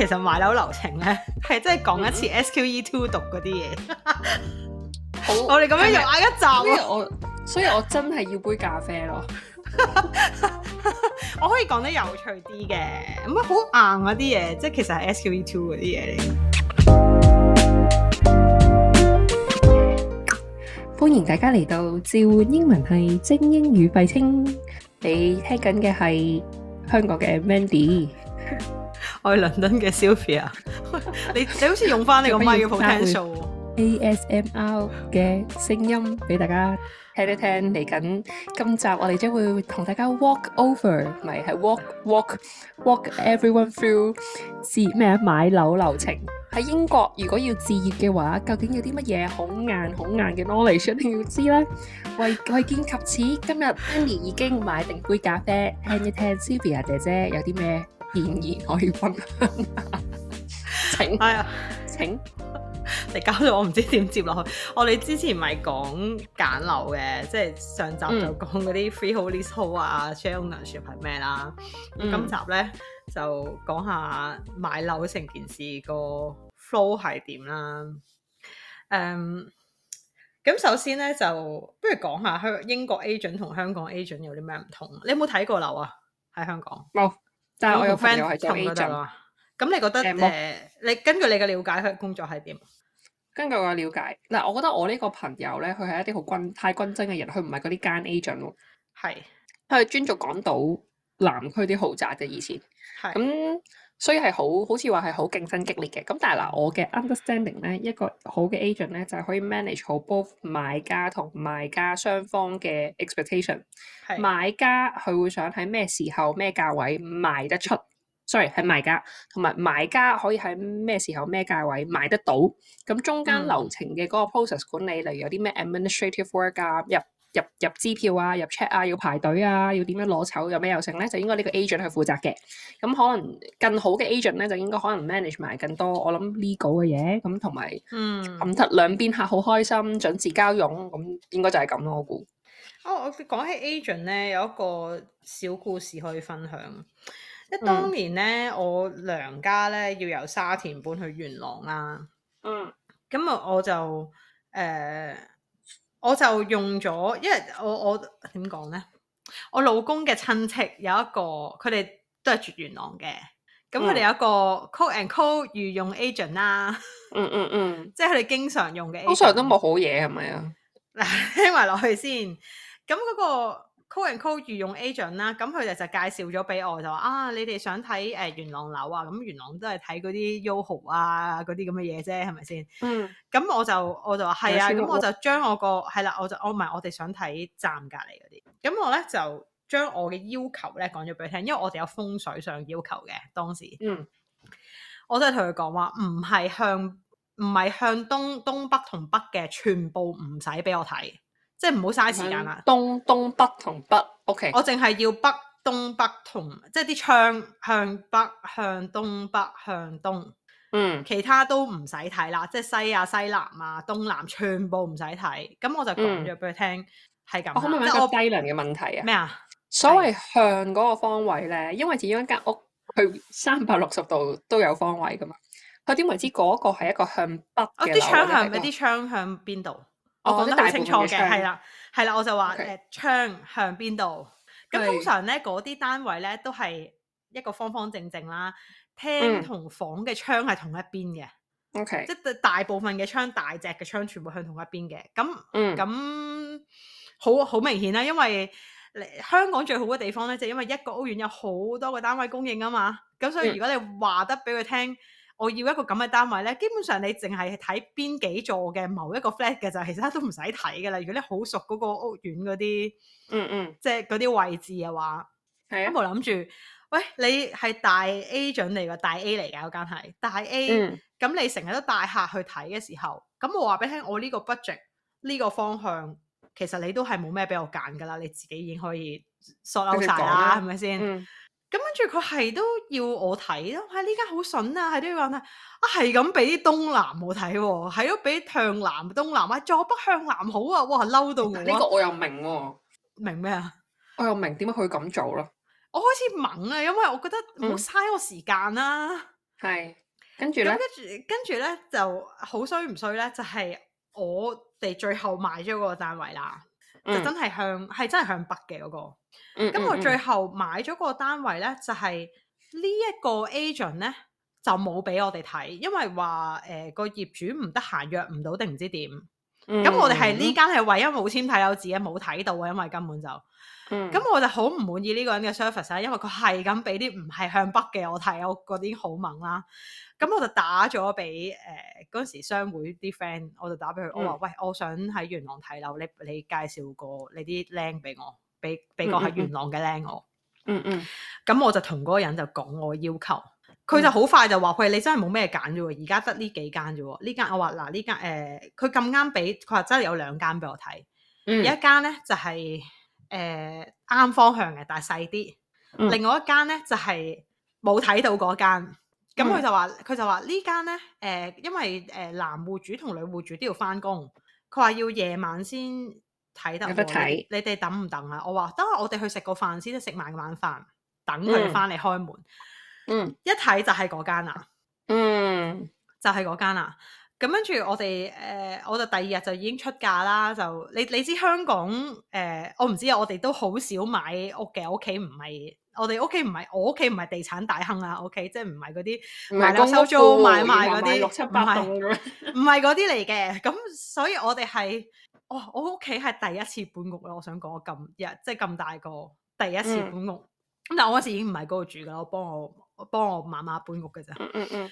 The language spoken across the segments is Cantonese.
其實買樓流程咧，係真係講一次 S Q E two 讀嗰啲嘢。嗯、 好 是不是 我我哋咁樣又嗌一集，我所以我真係要杯咖啡咯。 我可以講得有趣啲嘅，唔好硬嗰啲嘢，即係其實係 S Q E two 嗰啲嘢。嚟。歡迎大家嚟到召喚英文系精英語霸稱，你聽緊嘅係香港嘅 Mandy，喺倫敦嘅 Sophia，你你好似用翻你個 mic 嘅 potential，ASMR 嘅聲音俾大家聽一聽。嚟緊今集我哋將會同大家 walk over，唔係，係 walk walk walk everyone through 置業咩買樓流程。喺英國如果要置業嘅話，究竟有啲乜嘢好硬好硬嘅 knowledge 一定要知啦？為為見及此，今日 Amy 已經買定杯咖啡，聽一聽 Sophia 姐姐有啲咩。建而可以分享。請係啊，請 你搞到我唔知點接落去。 我哋之前咪講揀樓嘅，即係上集就講嗰啲 freehold leasehold 啊，share ownership 係咩啦。今集咧就講下買樓成件事個 flow 係點啦。嗯，咁、嗯、首先咧就不如講下香英國 agent 同香港 agent 有啲咩唔同。你有冇睇過樓啊？喺香港冇。但係我有朋友係做 agent，咁你覺得？誒、嗯，你、呃、根據你嘅了解佢嘅工作係點？根據我嘅了解，嗱，我覺得我呢個朋友咧，佢係一啲好均太均真嘅人，佢唔係嗰啲奸 agent 咯，係佢專做港島南區啲豪宅嘅，以前，咁。所以係好好似話係好競爭激烈嘅咁，但係嗱，我嘅 understanding 咧，一個好嘅 agent 咧，就係、是、可以 manage 好 both 買家同賣家雙方嘅 expectation。係買家佢會想喺咩時候咩價位賣得出？sorry 係賣家同埋買家可以喺咩時候咩價位賣得到？咁中間流程嘅嗰個 process 管理，嗯、例如有啲咩 administrative work 加入。入入支票啊，入 check 啊，要排隊啊，要點樣攞籌，有咩流程咧？就應該呢個 agent 去負責嘅。咁可能更好嘅 agent 咧，就應該可能 manage 埋更多。我諗 legal 嘅嘢，咁同埋暗得兩邊客好開心，準時交佣，咁應該就係咁咯。我估。哦，我講起 agent 咧，有一個小故事可以分享。即當年咧、嗯，我娘家咧要由沙田搬去元朗啦。嗯。咁啊，我就誒。呃我就用咗，因為我我點講咧？我老公嘅親戚有一個，佢哋都係住元朗嘅，咁佢哋有一個 Co，and，Co 御用 agent 啦。嗯嗯嗯，即係佢哋經常用嘅 agent。通常都冇好嘢係咪啊？嗱，聽埋落去先。咁嗰、嗰個。call 人 call 御用 agent 啦，咁佢哋就介紹咗俾我就話啊，你哋想睇誒元朗樓啊，咁元朗都係睇嗰啲 Yoho 啊嗰啲咁嘅嘢啫，係咪先？嗯，咁我就我就話係啊，咁我就將我個係啦，我就話、嗯係啊嗯、我唔係我哋、嗯、想睇站隔離嗰啲，咁我咧就將我嘅要求咧講咗俾佢聽，因為我哋有風水上要求嘅當時。嗯，我都係同佢講話，唔係向唔係向東東北同北嘅，全部唔使俾我睇。即係唔好嘥時間啦。東東北同北，OK。我淨係要北東北同，即係啲窗向北、向東北、向東。嗯。其他都唔使睇啦，即係西啊、西南啊、東南全部唔使睇。咁我就講咗俾佢聽，係、嗯、咁。我可唔可以問一個低能嘅問題啊？咩啊？所謂向嗰個方位咧，因為始終一間屋，佢三百六十度都有方位噶嘛。佢點為之嗰個係一個向北我啲、哦、窗，窗向咩？啲窗向邊度？Oh, 說我講得大清楚嘅，係啦，係啦，我就話誒、okay. 呃、窗向邊度？咁通常咧，嗰啲單位咧都係一個方方正正啦，廳同房嘅窗係同一邊嘅。Mm. O、okay. K，即係大部分嘅窗大隻嘅窗全部向同一邊嘅。咁咁、mm. 好好明顯啦，因為香港最好嘅地方咧，就係、因為一個屋苑有好多個單位供應啊嘛。咁所以如果你話得俾佢聽。Mm. 我要一個咁嘅單位咧，基本上你淨係睇邊幾座嘅某一個 flat 嘅就，其實都唔使睇噶啦。如果你好熟嗰個屋苑嗰啲，嗯嗯，即係嗰啲位置嘅話，yeah. 我冇諗住。喂，你係大 A 準嚟㗎，大 A 嚟㗎，嗰間係大 A。咁、mm-hmm. 你成日都帶客去睇嘅時候，咁我話俾你聽，我呢個 budget 呢個方向，其實你都係冇咩俾我揀㗎啦。你自己已經可以鎖晒啦，係咪先？是咁跟住佢係都要我睇咯，係呢間好筍啊，係都要講啦，啊係咁俾東南我睇喎、啊，係都俾向南東南，東南啊，坐北向南好啊，哇嬲到我！呢、這個我又明喎、哦，明咩啊？我又明點解佢咁做咯。我開始懵啊，因為我覺得冇嘥我時間啦、啊。係跟住咧，跟住跟住咧就好衰唔衰咧？就係、就是、我哋最後買咗個單位啦。就真係向係、嗯、真係向北嘅嗰、那個，咁、嗯、我最後買咗個單位咧、嗯嗯，就係、是、呢一個 agent 咧就冇俾我哋睇，因為話誒、呃、個業主唔得閒約唔到定唔知點，咁、嗯、我哋係呢間係唯一冇簽睇有字嘅冇睇到呀，因為根本就。咁、嗯、我就好唔滿意呢個人嘅 service、啊、因為佢係咁俾啲唔係向北嘅我睇，我嗰啲好猛啦。咁我就打咗俾嗰陣時商會啲 friend，我就打俾佢。我話、嗯：喂，我想喺元朗睇樓，你你介紹個你啲靚俾我，俾俾個係元朗嘅靚我。嗯嗯。咁、嗯、我就同嗰個人就講我要求，佢就好快就話：喂、嗯、你真係冇咩揀啫，而家得呢幾間啫。呢間我話嗱，呢、啊、間佢咁啱俾佢話真係有兩間俾我睇，有、嗯、一間咧就係、是。誒、呃，啱方向嘅，但係細啲。另外一間呢，就係冇睇到嗰間。咁、嗯、佢就話，佢就話呢間咧，誒、呃，因為誒、呃、男戶主同女戶主都要翻工，佢話要夜晚先睇得。睇。你哋等唔等啊？我話等我哋去食個飯先，食埋個晚飯，等佢翻嚟開門。嗯。一睇就係嗰間啦。嗯。就係嗰間啦。咁跟住我哋、呃，我就第二日就已經出價啦。就你你知香港，誒、呃，我唔知啊。我哋都好少買屋嘅，屋企唔係，我哋屋企唔係，我屋企唔係地產大亨啊。屋、okay? 企即唔係嗰啲收租買賣嗰啲，唔係，唔係嗰啲嚟嘅。咁 所以我哋係，哦我屋企係第一次搬屋啦。我想講，我咁日即係咁大個第一次搬屋、嗯。但我嗰時已經唔係嗰度住噶啦，我幫我幫我媽媽搬屋嘅咋。嗯嗯。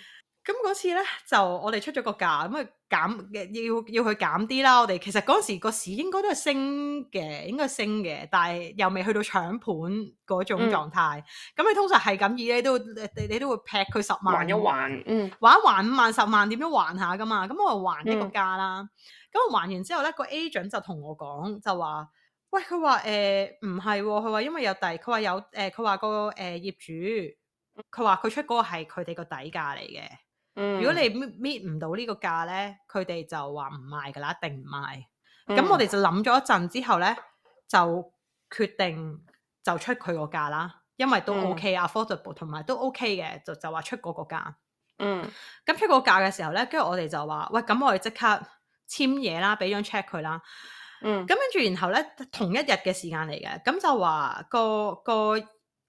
咁、嗯、嗰次咧，就我哋出咗個價，咁啊減要要佢減啲啦。我哋其實嗰時個市應該都係升嘅，應該升嘅，但係又未去到搶盤嗰種狀態。咁、嗯、你通常係咁以咧，你都你都會劈佢十萬，還一還，嗯，還一還五萬十萬，點樣還下噶嘛？咁我就還一個價啦。咁、嗯嗯、還完之後咧，個 agent 就同我講，就話，喂，佢話唔係，佢、呃、話、哦、因為有第，佢話有誒，佢、呃、話、個、呃、業主，佢話佢出嗰個係佢哋個底價嚟嘅。如果你 meet 唔到呢個價咧，佢哋就話唔賣㗎啦，一定唔賣。咁、嗯、我哋就諗咗一陣之後咧，就決定就出佢個價啦，因為都 OK，affordable，、OK，嗯、同埋都 OK 嘅，就就話出嗰個價。嗯，咁出嗰個價嘅時候咧，跟住我哋就話，喂，咁我哋即刻簽嘢啦，俾張 check 佢啦。嗯，咁跟住然後咧，同一日嘅時間嚟嘅，咁就話、嗰個個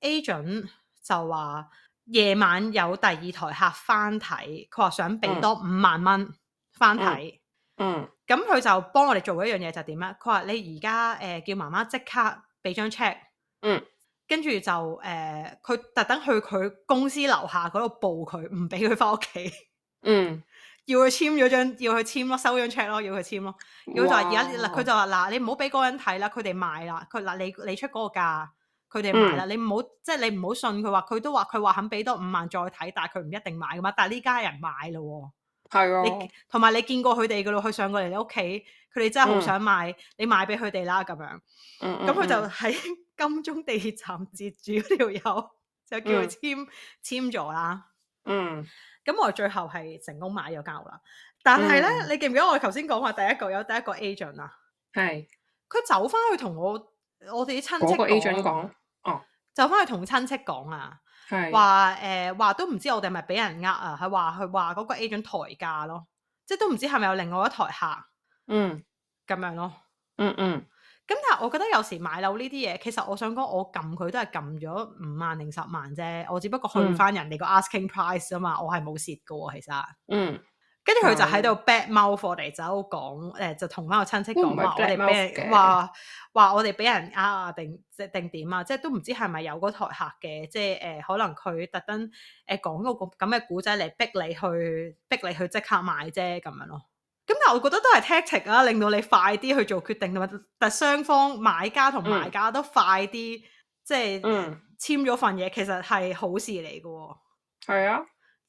agent 就話。夜晚有第二台客翻睇，佢話想俾多五萬蚊翻睇。嗯，咁佢就幫我哋做一樣嘢，就點啊？佢話你而家誒叫媽媽即刻俾張 check。嗯，呃、媽媽 check，嗯，跟住就誒，佢、呃、特登去佢公司樓下嗰度報佢，唔俾佢翻屋企。嗯，要佢簽咗張，要佢簽咯，收張 check 咯，要佢簽咯。佢就話而家，嗱佢就話嗱，你唔好俾嗰人睇啦，佢哋買啦，佢嗱你你出嗰個價。佢哋買啦、嗯，你唔好即係你唔好信佢話，佢都話佢話肯俾多五萬再睇，但係佢唔一定買噶嘛。但係呢家人買啦喎，哦，係啊，同埋你見過佢哋噶咯，佢上過嚟你屋企，佢哋真係好想買，嗯、你買俾佢哋啦咁樣。咁、嗯、佢、嗯、就喺金鐘地鐵站截住條友，嗯、 就叫佢簽、嗯、簽咗啦。嗯，咁我最後係成功買咗間屋啦。但係咧、嗯，你記唔記得我頭先講話第一個有第一個 agent 啊？係，佢走翻去同我我哋啲親戚嗰個 agent 講。說就翻去同親戚講啊，話誒話都唔知我哋係咪俾人呃啊，佢話佢話嗰個 agent 抬價咯，即係都唔知係咪有另外一台客，嗯，咁樣咯，嗯嗯，咁但係我覺得有時買樓呢啲嘢，其實我想講我撳佢都係撳咗五萬零十萬啫，我只不過去翻人哋個 asking price 啊嘛，嗯、我係冇蝕嘅喎，其實，嗯。嗯呃、跟住佢就喺度 bad mouth 嚟走，講誒就同翻個親戚講話，我哋俾人話話我哋俾人呃啊定即定點啊，即都唔知係咪有嗰台客嘅，即誒、呃、可能佢特登誒講個咁嘅古仔嚟逼你去逼你去即刻買啫咁樣咯、啊。咁但係我覺得都係 tactic 啊，令到你快啲去做決定，同埋雙方買家同賣家都快啲、嗯、即、嗯呃、簽咗份嘢，其實係好事嚟嘅、哦。係啊。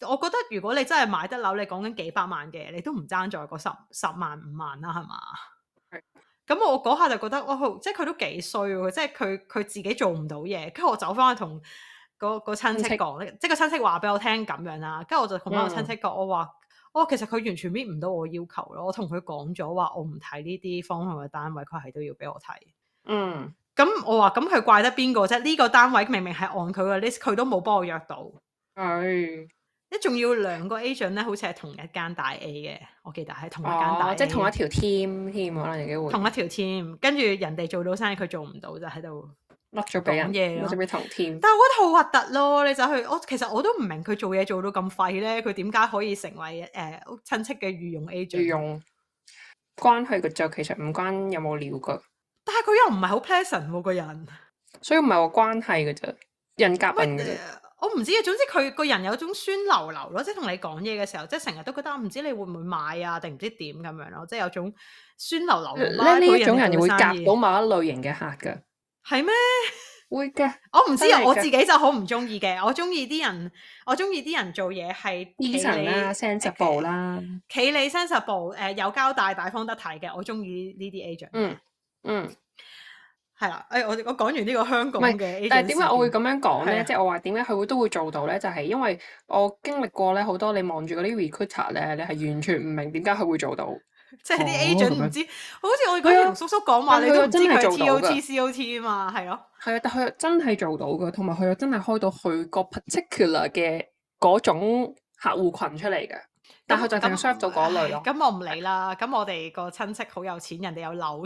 我覺得如果你真係買得樓，你講緊幾百萬嘅，你都唔爭在嗰十十萬五萬啦，係嘛？咁我嗰下就覺得，哇、哦！即係佢都幾衰，即係佢佢自己做唔到嘢。跟住我走翻去同嗰嗰親戚講，即係個親戚話俾我聽咁樣啦。跟住我就同翻我親戚講、嗯，我話哦，其實佢完全 meet 唔到我要求咯。我同佢講咗話，我唔睇呢啲方向嘅單位，佢係都要俾我睇。嗯。咁、嗯、我話咁佢怪得邊個啫？呢、這個單位明明係按佢嘅 list，佢都冇幫我約到。係。一仲要兩個 agent 咧，好似係同一間大 A 嘅，我記得係同一間大 A，哦，即係同一條 team 添，可能幾會。同一條 team，跟住人哋做到生意，佢做唔到就喺度碌咗俾人講嘢咯，即係同 team。但係我覺得好核突咯，你走去我其實我都唔明佢做嘢做到咁廢咧，佢點解可以成為誒親、呃、戚嘅御用 agent？御用關係嘅啫，其實唔關有冇料噶。但係佢又唔係好 pleasant 個人，所以唔係話關係嘅啫，人格問題。我唔知啊，總之佢個人有種酸流流咯，即係同你講嘢嘅時候，即係成日都覺得我唔知你會唔會買啊，定唔知點咁樣咯，即係有種酸流流。呢、啊種，嗯那個、種人會夾到某一類型嘅客噶，係咩？會㗎，我唔知啊，我自己就好唔中意嘅，我中意啲人，我中意啲人做嘢係企你三十步啦，企你三十步，誒、okay，有交帶擺放得體嘅，我中意呢啲 agent。嗯嗯。係啦，誒、哎、我我講完呢個香港嘅，但係點解我會咁樣講咧？即係我話點解佢會都會做到咧，就係、是、因為我經歷過咧好多你，你望住嗰啲 recruiter 咧，你係完全唔明點解佢會做到，即係啲 agent 唔知道、哦，好似我嗰日同叔叔講話，是的你都知佢做 t o o c 到嘅嘛，係咯，係啊，但係佢真係做到嘅，同埋佢又真係開到佢個 particular 嘅嗰種客戶群出嚟嘅，但佢就成日做嗰類咯。咁、嗯嗯嗯嗯、我唔理啦，咁我哋個親戚好有錢，人哋有樓。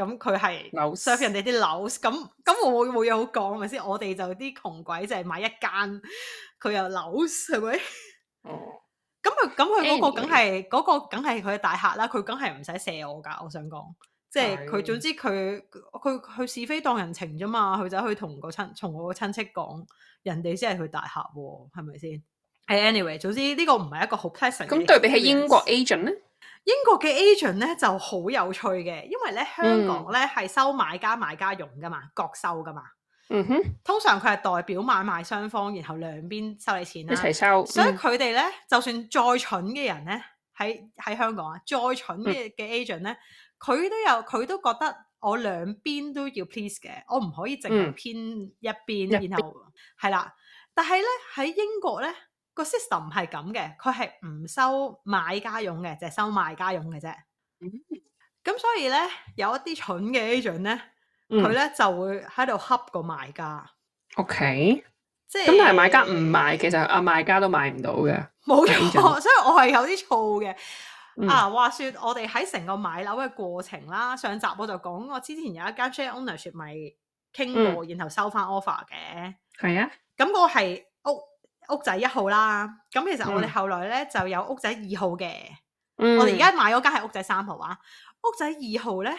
咁佢係 serve 人哋啲樓，咁咁我冇冇嘢好講，咪先？我哋就啲窮鬼就係買一間，佢又樓係咪？哦、嗯，咁佢咁佢嗰個梗係嗰個梗係佢嘅大客啦，佢梗係唔使卸我噶。我想講，即係佢總之佢佢佢是非當人情啫嘛，佢就去同個親同我個親戚講，人哋先係佢大客喎，係咪先？誒，anyway，總之呢、這個唔係一個好 professional。咁對比起英國 agent 咧？英國嘅 agent 咧就好有趣嘅，因為咧香港咧係、嗯、收買家買家用噶嘛，各收噶嘛。嗯哼，通常佢係代表買賣雙方，然後兩邊收你錢啦、啊，一齊收。所以佢哋咧，就算再蠢嘅人咧，喺喺香港啊，再蠢嘅嘅 agent 咧，佢、嗯、都有佢都覺得我兩邊都要 please 嘅，我唔可以淨係偏一邊，然後係啦。但係咧喺英國咧。個 system 係咁嘅，佢係唔收買家佣嘅，淨係收賣家佣嘅啫。咁 所以咧，有一啲蠢嘅 agent 咧，佢、嗯、咧就會喺度恰個買家。O、okay. K，即係咁，但係買家唔買，其實阿、啊、賣家都買唔到嘅。冇錯，所以我係有啲燥嘅。啊，話說我哋喺成個買樓嘅過程啦，上集我就講我之前有一間 share ownership 咪傾過、嗯，然後收翻 offer 嘅。係啊，咁我係。屋仔一號啦，咁其實我哋後來咧、嗯、就有屋仔二號嘅、嗯，我哋而家買嗰間係屋仔三號啊。屋仔二號咧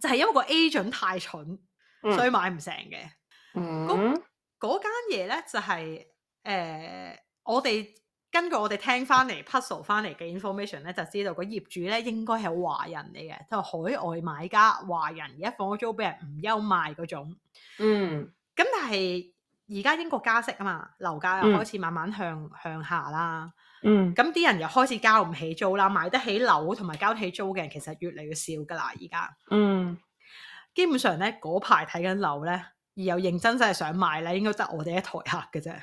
就係、是、因為個 agent 太蠢，嗯、所以買唔成嘅。咁、嗯、嗰間嘢咧就係、是、誒、呃，我哋根據我哋聽翻嚟 puzzle 翻嚟嘅 information 咧，就知道個業主咧應該係華人嚟嘅，就係、海外買家華人而家放租俾人唔憂賣嗰種。嗯，咁但係。而家英國加息啊嘛，樓價又開始慢慢向、嗯、向下啦。咁、嗯、啲人又開始交唔起租啦，買得起樓同埋交得起租嘅人其實越嚟越少噶啦，而家。嗯，基本上咧嗰排睇緊樓咧，而又認真真係想買咧，應該得我哋一台客嘅啫。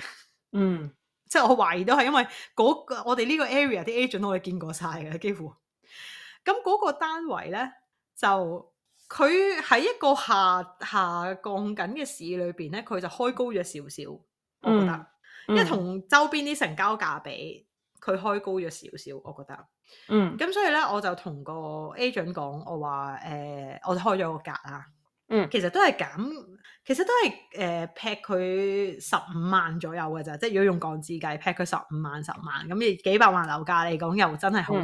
嗯，即係我懷疑都係因為嗰、嗰個、我哋呢個 area 啲 agent 我哋見過晒嘅幾乎。咁嗰個單位咧就～佢喺一個下下降緊嘅市裏邊咧，佢就開高咗少少，我覺得，因為同周邊啲成交價比，佢開高咗少少，我覺得。嗯，咁所以咧，我就同個 agent 講，我話誒、呃，我開咗個價啊。嗯，其實都係減，其實都係誒、呃，劈佢十五萬左右嘅咋。即係如果用港紙計，劈佢十五萬、十萬，咁你幾百萬樓價嚟講，又真係好少錢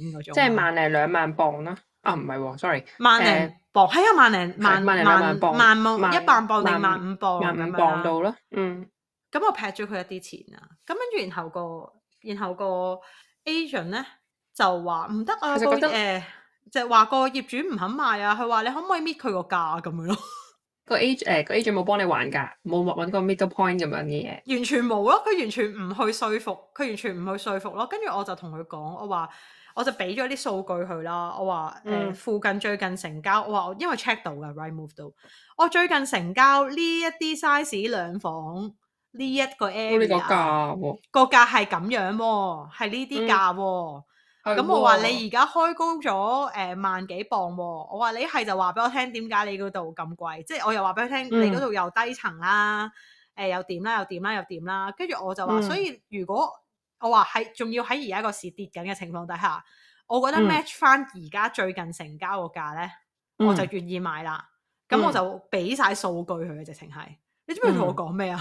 嗰種。即係萬零兩萬磅啦。啊，唔係喎，sorry，萬零磅，係、欸、啊，萬零萬，萬萬萬磅，萬萬萬一萬磅定萬五磅，萬萬萬磅到囉，嗯。噉我劈咗佢一啲錢啊，噉跟住，然後個，然後個 agent 呢就話唔得啊，覺得，欸，就係話個業主唔肯賣啊，佢話你可唔可以搣佢個價呀？噉樣囉。個 agent，呃，個 agent 冇幫你還價，冇搵個 middle point 噉樣嘅嘢，完全冇囉。佢完全唔去說服，佢完全唔去說服囉，跟住我就同佢講，我話我就俾咗啲數據佢啦，我話、呃、附近最近成交，我話因為 check 到嘅 Rightmove 到，我最近成交呢一啲 size 兩房呢一、這個 area、哦這個價個價係咁樣喎、哦，係呢啲價喎。咁、哦嗯哦、我話你而家開高咗、呃、萬幾磅喎、哦，我話你係就話俾我聽點解你嗰度咁貴？即、嗯、係、就是、我又話俾佢聽，你嗰度又低層啦，誒、呃、又點啦，又點啦，又點啦。跟住我就話、嗯，所以如果我話喺，仲要喺而家個市跌緊嘅情況底下，我覺得 match 翻而家最近成交個價咧，我就願意買啦。咁、嗯、我就俾晒數據佢嘅，直情係。你知唔知佢同我講咩啊？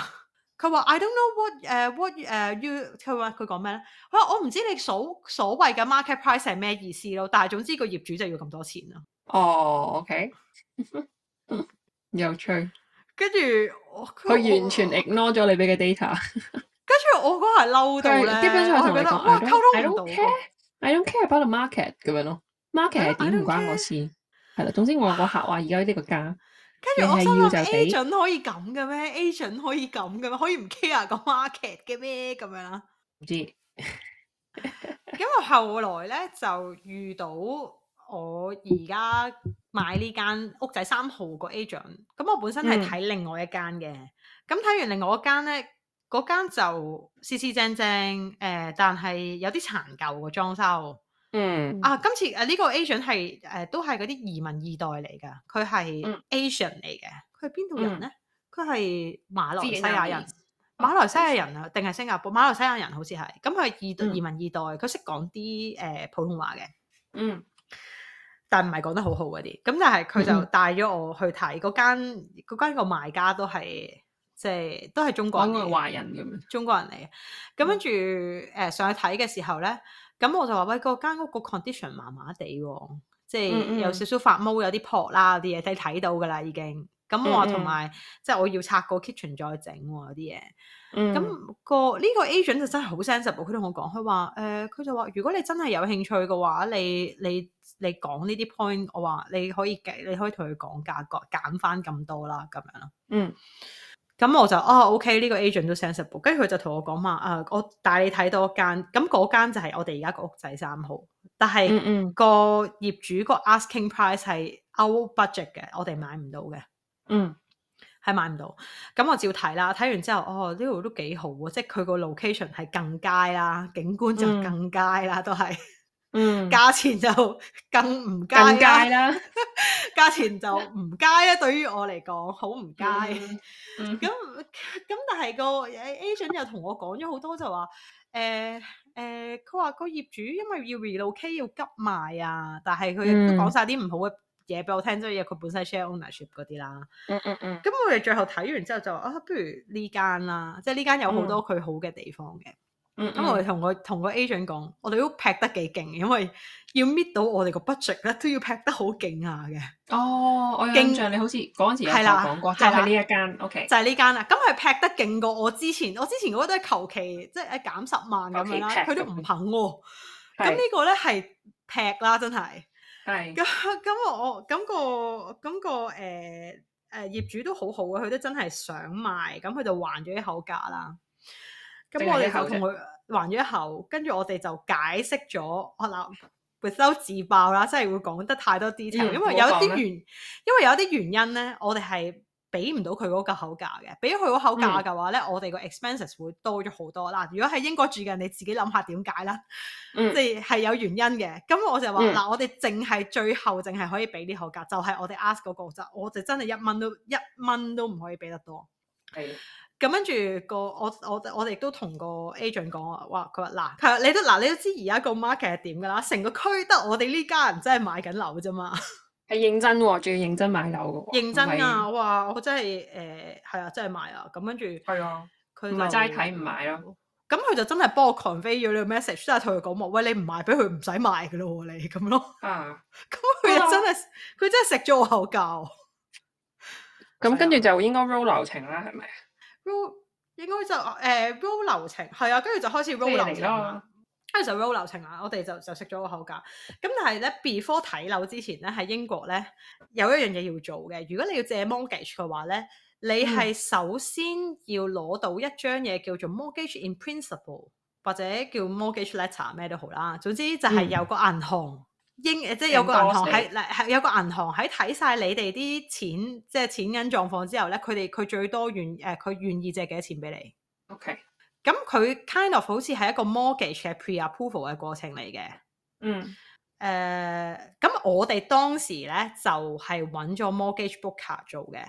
佢、嗯、話 I don't know what 誒、uh, what 誒、uh, you，佢話佢講咩咧？佢話我唔知你所所謂嘅 market price 係咩意思咯。但係總之個業主就要咁多錢咯。哦，OK，有 趣。跟住佢完全 ignore 咗你俾嘅 data。哦 接我到對跟住我嗰個係嬲咗啦，我同你講，我溝通唔到。I don't, I don't, I don't care，I don't care about the market 咁、uh, 樣咯，market 點唔關我事，係啦。總之我個客話而家呢個價，跟住我心諗 agent 可以咁嘅咩？agent 可以咁嘅咩？可以唔 care 個 market 嘅咩？咁樣啦。唔知。因 為後來咧就遇到我而家買呢間屋仔三號個 agent，咁我本身係睇另外一間嘅，咁、嗯、睇完另外一間咧。嗰間就四四正正，誒、呃，但係有啲殘舊嘅裝修。嗯。啊，今次誒呢、這個 agent 係誒都係嗰啲移民二代嚟噶，佢係 Asian 嚟嘅，佢係邊度人咧？佢、嗯、係馬來西亞人，人，馬來西亞人啊，定係新加坡？馬來西亞人好似係，咁佢係二移民二代，佢識講啲誒普通話嘅。嗯。但唔係講得好好好嗰啲，咁但係佢就帶咗我去睇嗰間嗰間個賣家都係。即、就、係、是、都係中國人，華人咁中國人嚟。嘅、嗯。咁跟住誒上去睇嘅時候咧，咁我就話喂，個間屋個 condition 麻麻地喎，即、就、係、是嗯嗯、有少少發毛，有啲破啦啲嘢，即係睇到㗎喇已經。咁我同埋、嗯嗯、即係我要拆個 kitchen 再整啲嘢。咁、嗯那個呢、這個 agent 就真係好 sensible，佢同我講，佢話誒，佢、呃、就話如果你真係有興趣嘅話，你你你講呢啲 point，我話你可以計，你可以同佢講價格，個減返咁多啦，咁樣咯。嗯。咁、嗯、我就哦，OK 呢個 agent 都 sensible，跟住佢就同我講話，啊我帶你睇多一間，咁嗰間就係我哋而家個屋仔三號，但係個業主個 asking price 係 out budget 嘅，我哋買唔到嘅，嗯，係買唔到。咁、嗯嗯、我照睇啦，睇完之後，哦呢度都幾好喎，即係佢個 location 係更佳啦，景觀就更佳啦、嗯，都係。嗯，價錢就更唔佳啦，價 錢就唔佳啊！ 對於我嚟講，好唔佳。咁、嗯、咁，嗯、但係個 agent 又同我講咗好多，就話誒誒，佢、欸、話、欸、個業主因為要 relocate 要急賣啊，但係佢講晒啲唔好嘅嘢俾我聽，即係佢本身 share ownership 嗰啲啦。嗯咁、嗯嗯、我哋最後睇完之後就話啊，不如呢間啦，即係呢間有很多他好多佢好嘅地方嘅。嗯嗯，嗯，咁我同個同個 agent 講，我哋都劈得幾勁，因為要搣到我哋個 budget 咧，都要劈得好勁下嘅。哦，我敬你好似嗰陣時有講過，是就係、是、呢一間，OK，就係呢間啦。咁佢劈得勁過我之前，我之前嗰都係求其，即、就、係、是、減十萬咁樣啦。佢、okay，都唔肯喎。咁呢個咧係劈啦，真係。係。咁咁 我感覺感覺誒誒業主都好好啊，佢都真係想賣，咁佢就還咗一口價啦。咁我哋就同佢還咗一口，跟住我哋就解釋咗，嗱，回收自爆啦，即係會講得太多 detail，因為有啲原，因為有啲原，原因咧，我哋係俾唔到佢嗰個口價嘅，俾佢嗰口價嘅話咧、嗯，我哋個 expenses 會多咗好多啦。嗱，如果喺英國住嘅，你自己諗下點解啦？即係係有原因嘅。咁我就話嗱、嗯，我哋淨係最後淨係可以俾呢口價，就係、是、我哋 ask 嗰、嗰個我就真係一蚊都一蚊都唔可以俾得多。係、嗯。咁跟住個我我我哋都同個 agent 講啊，哇！佢話嗱，係你都嗱，你都知而家個 market 係點㗎啦？成個區得我哋呢家人真係買緊樓啫嘛。係認真喎、哦，仲要認真買樓嘅、哦、認真啊！哇！我真係誒係啊，真係買啊！咁跟住係啊，佢咪齋睇唔買咯？咁、嗯、佢就真係幫我 convey 咗呢個 message，真係同佢講話，喂你唔買俾佢唔使賣㗎咯，你咁、哦、咯。啊！咁 佢、嗯、真係佢、嗯、真係食咗我口餃。咁 跟住就應該 roll 流程啦，係咪？應該應該就 roll、呃、流程係啊，跟住就開始 roll 流程啦，跟住就 roll、係啊、流程啦，我哋就就識咗個口價。咁但係咧，before 睇樓之前咧，喺英國咧有一樣嘢要做嘅。如果你要借 mortgage 嘅話咧，你係首先要攞到一張嘢叫做 mortgage in principle，或者叫 mortgage letter，咩都好啦，總之就係有個銀行。嗯應，誒，即係有個銀行喺，嗱，有個銀行喺睇晒你哋啲錢即係、就是、錢銀狀況之後咧，佢哋佢最多願誒佢願意借幾多錢俾你？OK，咁佢 kind of 好似係一個 mortgage 嘅 pre-approval 嘅過程嚟嘅。嗯誒，咁、呃、我哋當時咧就係揾咗 mortgage broker 做嘅，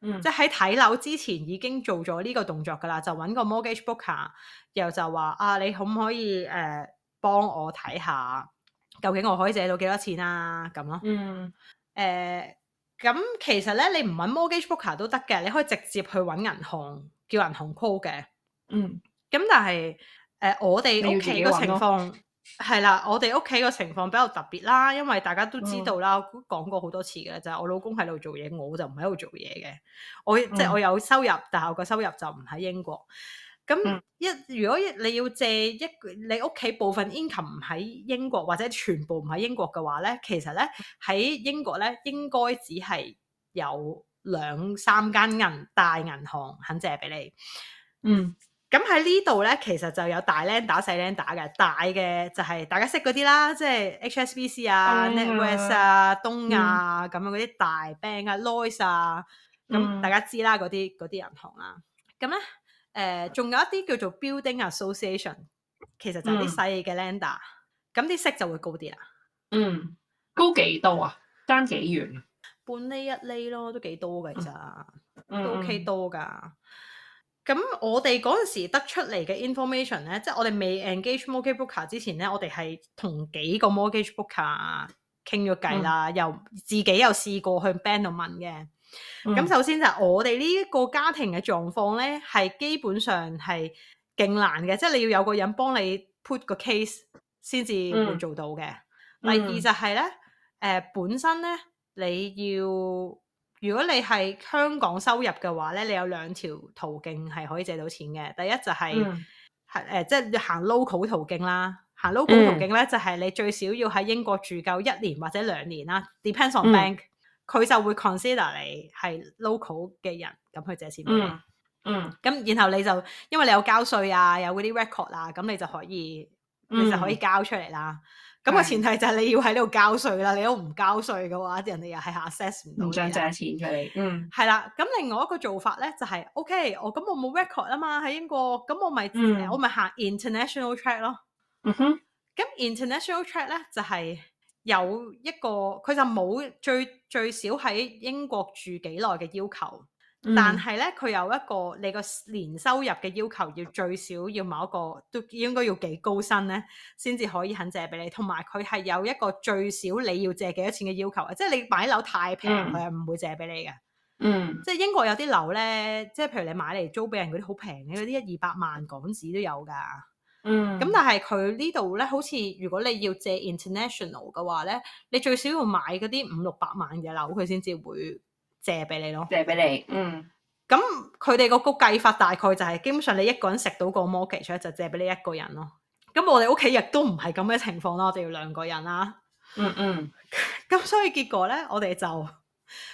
即係喺睇樓之前已經做咗呢個動作噶啦，就揾個 mortgage broker 又就話啊，你可唔可以誒幫、呃、我睇下？究竟我可以借到幾多錢啊？咁咯，嗯，誒，咁其實咧，你唔揾 mortgage broker 都得嘅，你可以直接去揾銀行，叫銀行 call 嘅，嗯。咁但係誒，uh, 我哋屋企個情況係啦，我哋屋企個情況比較特別啦，因為大家都知道啦，講、嗯、過好多次嘅就係、是、我老公喺度做嘢，我就唔喺度做嘢嘅，我即係、就是、我有收入，嗯、但我個收入就唔喺英國。咁、嗯、一如果一你要借一個你屋企部分 income 唔喺英國或者全部唔喺英國嘅話咧，其實咧喺英國咧應該只係有兩三間銀大銀行肯借俾你。嗯，咁喺呢度咧，其實就有大 lender 細 lender 嘅大嘅就係、是、大家識嗰啲啦，即係 HSBC 啊、NatWest 啊、東亞咁、嗯、樣嗰啲大 bank 啊、Lloyds、嗯、啊，咁大家知啦嗰啲嗰啲銀行啦、啊，咁、嗯、咧。誒、呃，仲有一啲叫做 building association，其實就係啲細嘅 lender，咁啲息就會高啲啦。嗯，高幾多啊？爭幾遠？啊？半厘一厘咯，都幾多嘅咋、嗯？都 OK 多噶。咁、嗯嗯、我哋嗰陣時得出嚟嘅 information 咧，即、就是、我哋未 engage mortgage broker 之前咧，我哋係同幾個 mortgage broker 傾咗偈啦，嗯、又自己又試過去 bank 度問嘅。咁、嗯、首先就係我哋呢個家庭嘅狀況咧，係基本上係勁難嘅，即、就、係、是、你要有個人幫你 put 個 case 先至會做到嘅、嗯嗯。第二就係咧，誒、呃、本身咧你要如果你係香港收入嘅話咧，你有兩條途徑係可以借到錢嘅。第一就係誒即係行 local 途徑啦，行 local 途徑咧、嗯、就係、是、你最少要喺英國住夠一年或者兩年啦，depends on bank、嗯。佢就會 consider 你係 local 嘅人，咁佢借錢俾你。嗯，咁、嗯、然後你就因為你有交稅啊，有嗰啲 record 啊，咁你就可以，你就可以交出嚟啦。咁、嗯、嘅、那個、前提就係你要喺呢度交稅啦。你都唔交稅嘅話，人哋又係 assess 唔到。唔想借錢出嚟。 嗯，係啦。咁另外一個做法咧就係、是、OK，我咁我冇 record 啊嘛喺英國，咁我咪、嗯、我咪行 international track 咯。嗯、哼，咁 international track 咧就係、是。有一個佢就冇最最少喺英國住幾耐嘅要求，嗯、但係咧佢有一個你個年收入嘅要求要最少要某一個都應該要幾高薪咧，先至可以肯借俾你。同埋佢係有一個最少你要借幾多錢嘅要求，即係你買樓太平，佢係唔會借俾你嘅。嗯，即係英國有啲樓咧，即係譬如你買嚟租俾人嗰啲好平嘅嗰啲一二百萬港紙都有㗎。嗯，咁但係佢呢度咧，好似如果你要借 international 嘅話咧，你最少要買嗰啲五六百萬嘅樓，佢先至會借俾你咯。借俾你，嗯，咁佢哋個個計法大概就係基本上你一個人食到個 mortgage，就借俾你一個人咯。咁我哋屋企亦都唔係咁嘅情況咯，我哋要兩個人啦。嗯嗯，咁 所以結果咧，我哋就。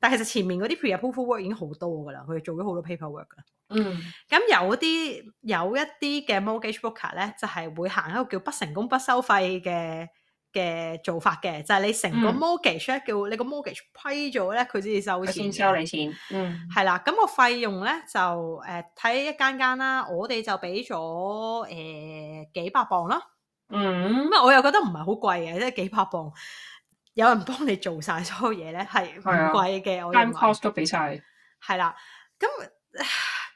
但係其實前面嗰啲 pre-application work 已經好多㗎啦，佢哋做咗好多 paperwork 㗎。嗯，咁有啲有一啲嘅 mortgage broker 咧，就係、是、會行一個叫不成功不收費嘅嘅做法嘅，就係、是、你成個 mortgage 咧、嗯、叫你個 mortgage 批咗咧，佢先至收錢先收你錢。嗯。係啦，咁、那個費用咧就誒睇、呃、一間間啦。我哋就俾咗誒幾百磅咯。嗯，咁我又覺得唔係好貴嘅，即係幾百磅。有人幫你做晒所有嘢咧，係好貴嘅。我認為 time cost 都俾晒，係啦。咁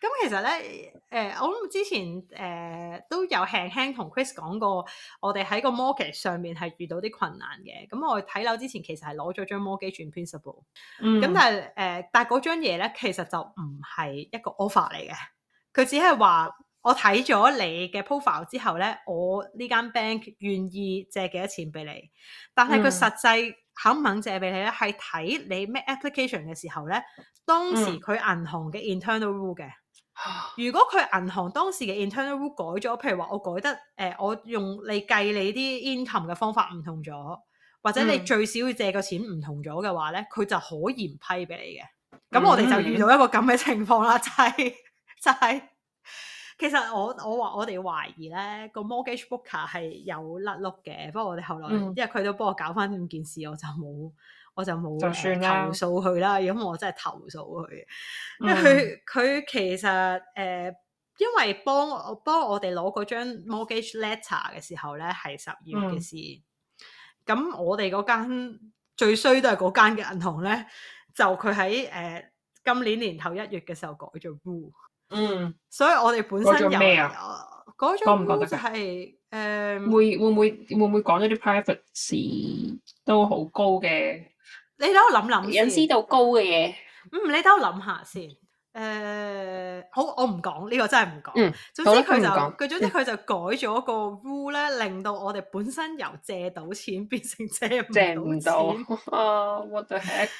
咁其實咧，誒、呃，我諗之前誒、呃、都有輕輕同 Chris 講過，我哋喺個 mortgage 上面係遇到啲困難嘅。咁我睇樓之前其實係攞咗張 mortgage in principle，咁、嗯、但係誒、呃，但係嗰張嘢咧其實就唔係一個 offer 嚟嘅，佢只係話，我睇咗你嘅 profile 之後呢，我呢間 bank 願意借幾多錢俾你，但係佢實際肯唔肯借俾你呢？係睇你咩 application 嘅時候呢。當時佢銀行嘅 internal rule 嘅。如果佢銀行當時嘅 internal rule 改咗，譬如話我改得誒、呃，我用你計你啲 income 嘅方法唔同咗，或者你最少要借個錢唔同咗嘅話呢，佢就可嚴批俾你嘅。咁我哋就遇到一個咁嘅情況啦，就係、是、就係、是。其實我我話我哋懷疑咧、那個 mortgage broker 係有甩碌嘅，不過我哋後來、嗯、因為佢都幫我搞翻五件事，我就冇我就冇、呃、就算投訴佢啦。如果我真係投訴佢，因為佢佢、嗯、其實誒、呃，因為幫幫我哋攞嗰張 mortgage letter 嘅時候咧係十二月嘅事，咁、嗯、我哋嗰間最衰都係嗰間嘅銀行咧，就佢喺誒今年年頭一月嘅時候改咗 rule 嗯，所以我哋本身有嗰種，嗰種係誒，會會唔會會唔會講咗啲 private 事都好高嘅？你等我諗諗先，隱私度高嘅嘢，嗯，你等我諗下先。誒、嗯，好，我唔講呢個真係唔講。嗯，總之佢就佢總之佢就改咗個 rule 咧、嗯，令到我哋本身由借到錢變成借唔到錢。到 oh, what the heck？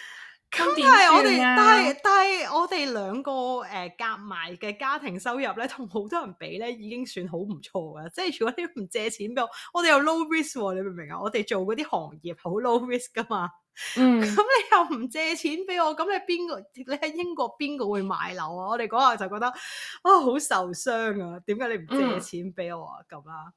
咁但係我哋，但係但係我哋兩個誒夾埋嘅家庭收入咧，同好多人比咧，已經算好唔錯噶。即係如果你唔借錢俾我，我哋又 low risk 喎，你明唔明啊？我哋做嗰啲行業好 low risk 噶嘛。嗯，咁你又唔借錢俾我，咁你邊個？你喺英國邊個會買樓啊？我哋嗰下就覺得啊，好、哦、受傷啊！點解你唔借錢俾我啊？咁、嗯、啦，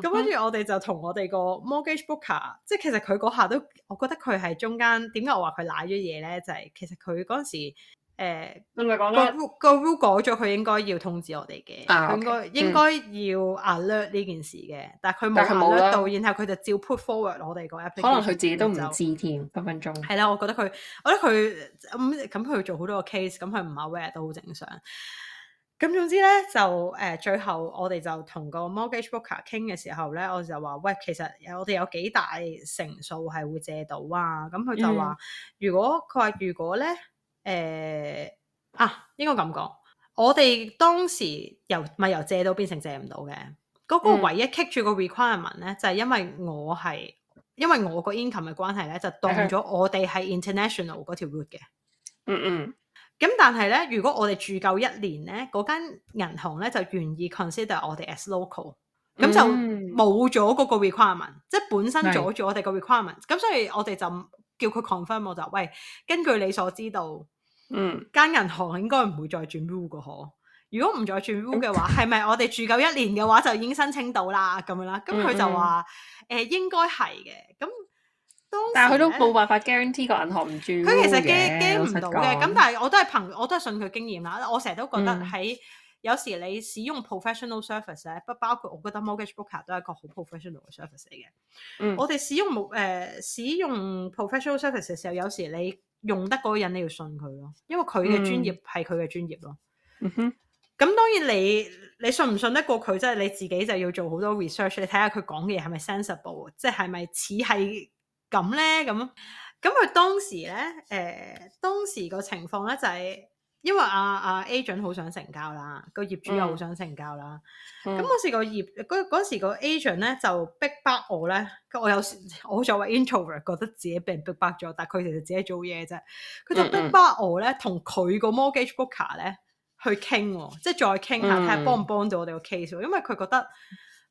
咁、嗯、跟住我哋就同我哋個 mortgage broker 即係其實佢嗰下都，我覺得佢係中間點解我話佢賴咗嘢咧？就係、是、其實佢嗰時。誒、呃、個 rule rule 講咗，佢應該要通知我哋嘅，啊、應該應該要 alert 呢、嗯、件事嘅，但係佢冇 alert 到，然後佢就照 put forward 我哋個 application。可能佢自己都唔知添分分鐘。係啦，我覺得佢，我覺得佢咁咁佢做好多個 case，咁佢唔 aware 都好正常。咁總之咧，就誒、呃、最後我哋就同個 mortgage broker 傾嘅時候咧，我就話喂，其實有我哋有幾大成數係會借到啊？咁佢就話、嗯、如果佢話如果咧。誒、uh，啊，應該咁講。我哋當時由咪由借到變成借唔到嘅，嗰、那個唯一棘住個 requirement 咧、嗯，就係、是、因為我係因為我個 income 嘅關係咧，就當咗我哋係 international 嗰條 route 嘅。嗯嗯。咁但係咧，如果我哋住夠一年咧，嗰間銀行咧就願意 consider 我哋 as local，咁就冇咗嗰個 requirement、嗯、即係本身阻住我哋個 requirement。咁所以我哋就叫佢 confirm，我就喂，根據你所知道。間、嗯、銀行應該唔會再轉 rule 噶嗬，如果唔再轉 rule 嘅話，係 咪我哋住夠一年嘅話就已經申請到啦咁樣啦？咁、嗯、佢、嗯、就話誒、嗯呃，應該係嘅。咁、嗯、但係佢都冇辦法 guarantee 個銀行唔轉。佢、嗯、其實驚驚唔到嘅，咁但係我都係憑，我都係信佢經驗啦。我成日都覺得喺、嗯、有時你使用 professional service 咧、嗯，不包括我覺得 mortgage broker 都係一個好 professional 嘅 service 嚟嘅、嗯。我哋使用冇誒、呃、使用 professional service 嘅時候，有時你。用得嗰個人你要信佢咯，因為佢嘅專業係佢嘅專業咯。嗯嗯、哼，咁當然你你信唔信得過佢即係你自己就要做好多 research，你睇下佢講嘅嘢係咪 sensible，即係係咪似係咁咧？咁咁佢當時咧誒、呃、當時個情況咧就係、係。因為阿、啊、阿、啊、agent 好想成交啦，個業主又好想成交啦。咁、嗯、嗰、啊、時嗰個業嗰嗰 agent 咧就逼迫我咧，我有時我作為 introvert 覺得自己被人逼迫咗，但係佢其實自己做嘢啫。佢就逼迫我咧同佢個 mortgage broker 咧去傾、喔，即係再傾下睇下幫唔幫到我哋個 case、嗯。因為佢覺得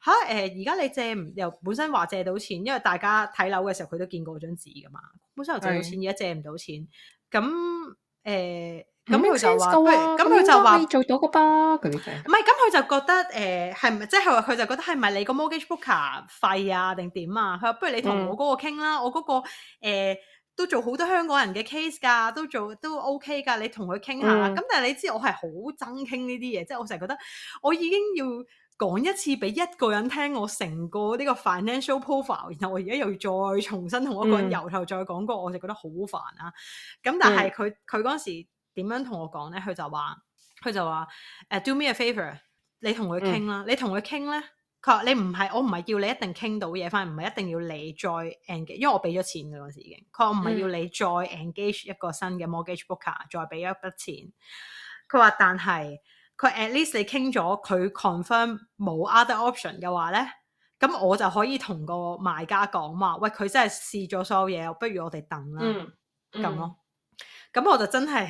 嚇誒，而家、呃、你借唔又本身話借到錢，因為大家睇樓嘅時候佢都見過嗰張紙噶嘛。本身又借到錢，而家借唔到錢，咁誒。呃咁、嗯、佢就、嗯、話，咁佢就話做到個吧，唔係，咁佢就覺得誒係唔即係佢就覺得係咪你個 mortgage b o o k e r 廢啊定點啊？佢話、啊、不如你同我嗰個傾啦、嗯，我嗰、那個誒、呃、都做好多香港人嘅 case 噶，都做都 OK 噶，你同佢傾下。咁、嗯、但係你知我係好憎傾呢啲嘢，即、就、係、是、我成日覺得我已經要講一次俾一個人聽我成個呢個 financial profile，然後我而家又要再重新同一個人由頭再講過，嗯、我就覺得好煩啊。咁但係佢佢嗰時。點樣同我講呢？佢就話，佢就話，誒，do me a f a v o r 你同佢傾啦，你同佢傾呢？佢話你唔係，我唔係叫你一定傾到嘢翻，唔係一定要你再 engage，因為我俾咗錢噶嗰時已經，佢話唔係要你再 engage 一個新嘅 mortgage broker，再俾一筆錢。佢、嗯、話但係，佢 at least 你傾咗，佢 confirm 冇 other option 嘅話呢：「咁我就可以同個賣家講嘛，喂，佢真係試咗所有嘢，不如我哋等啦，咁、嗯、咯。咁、嗯、我就真係。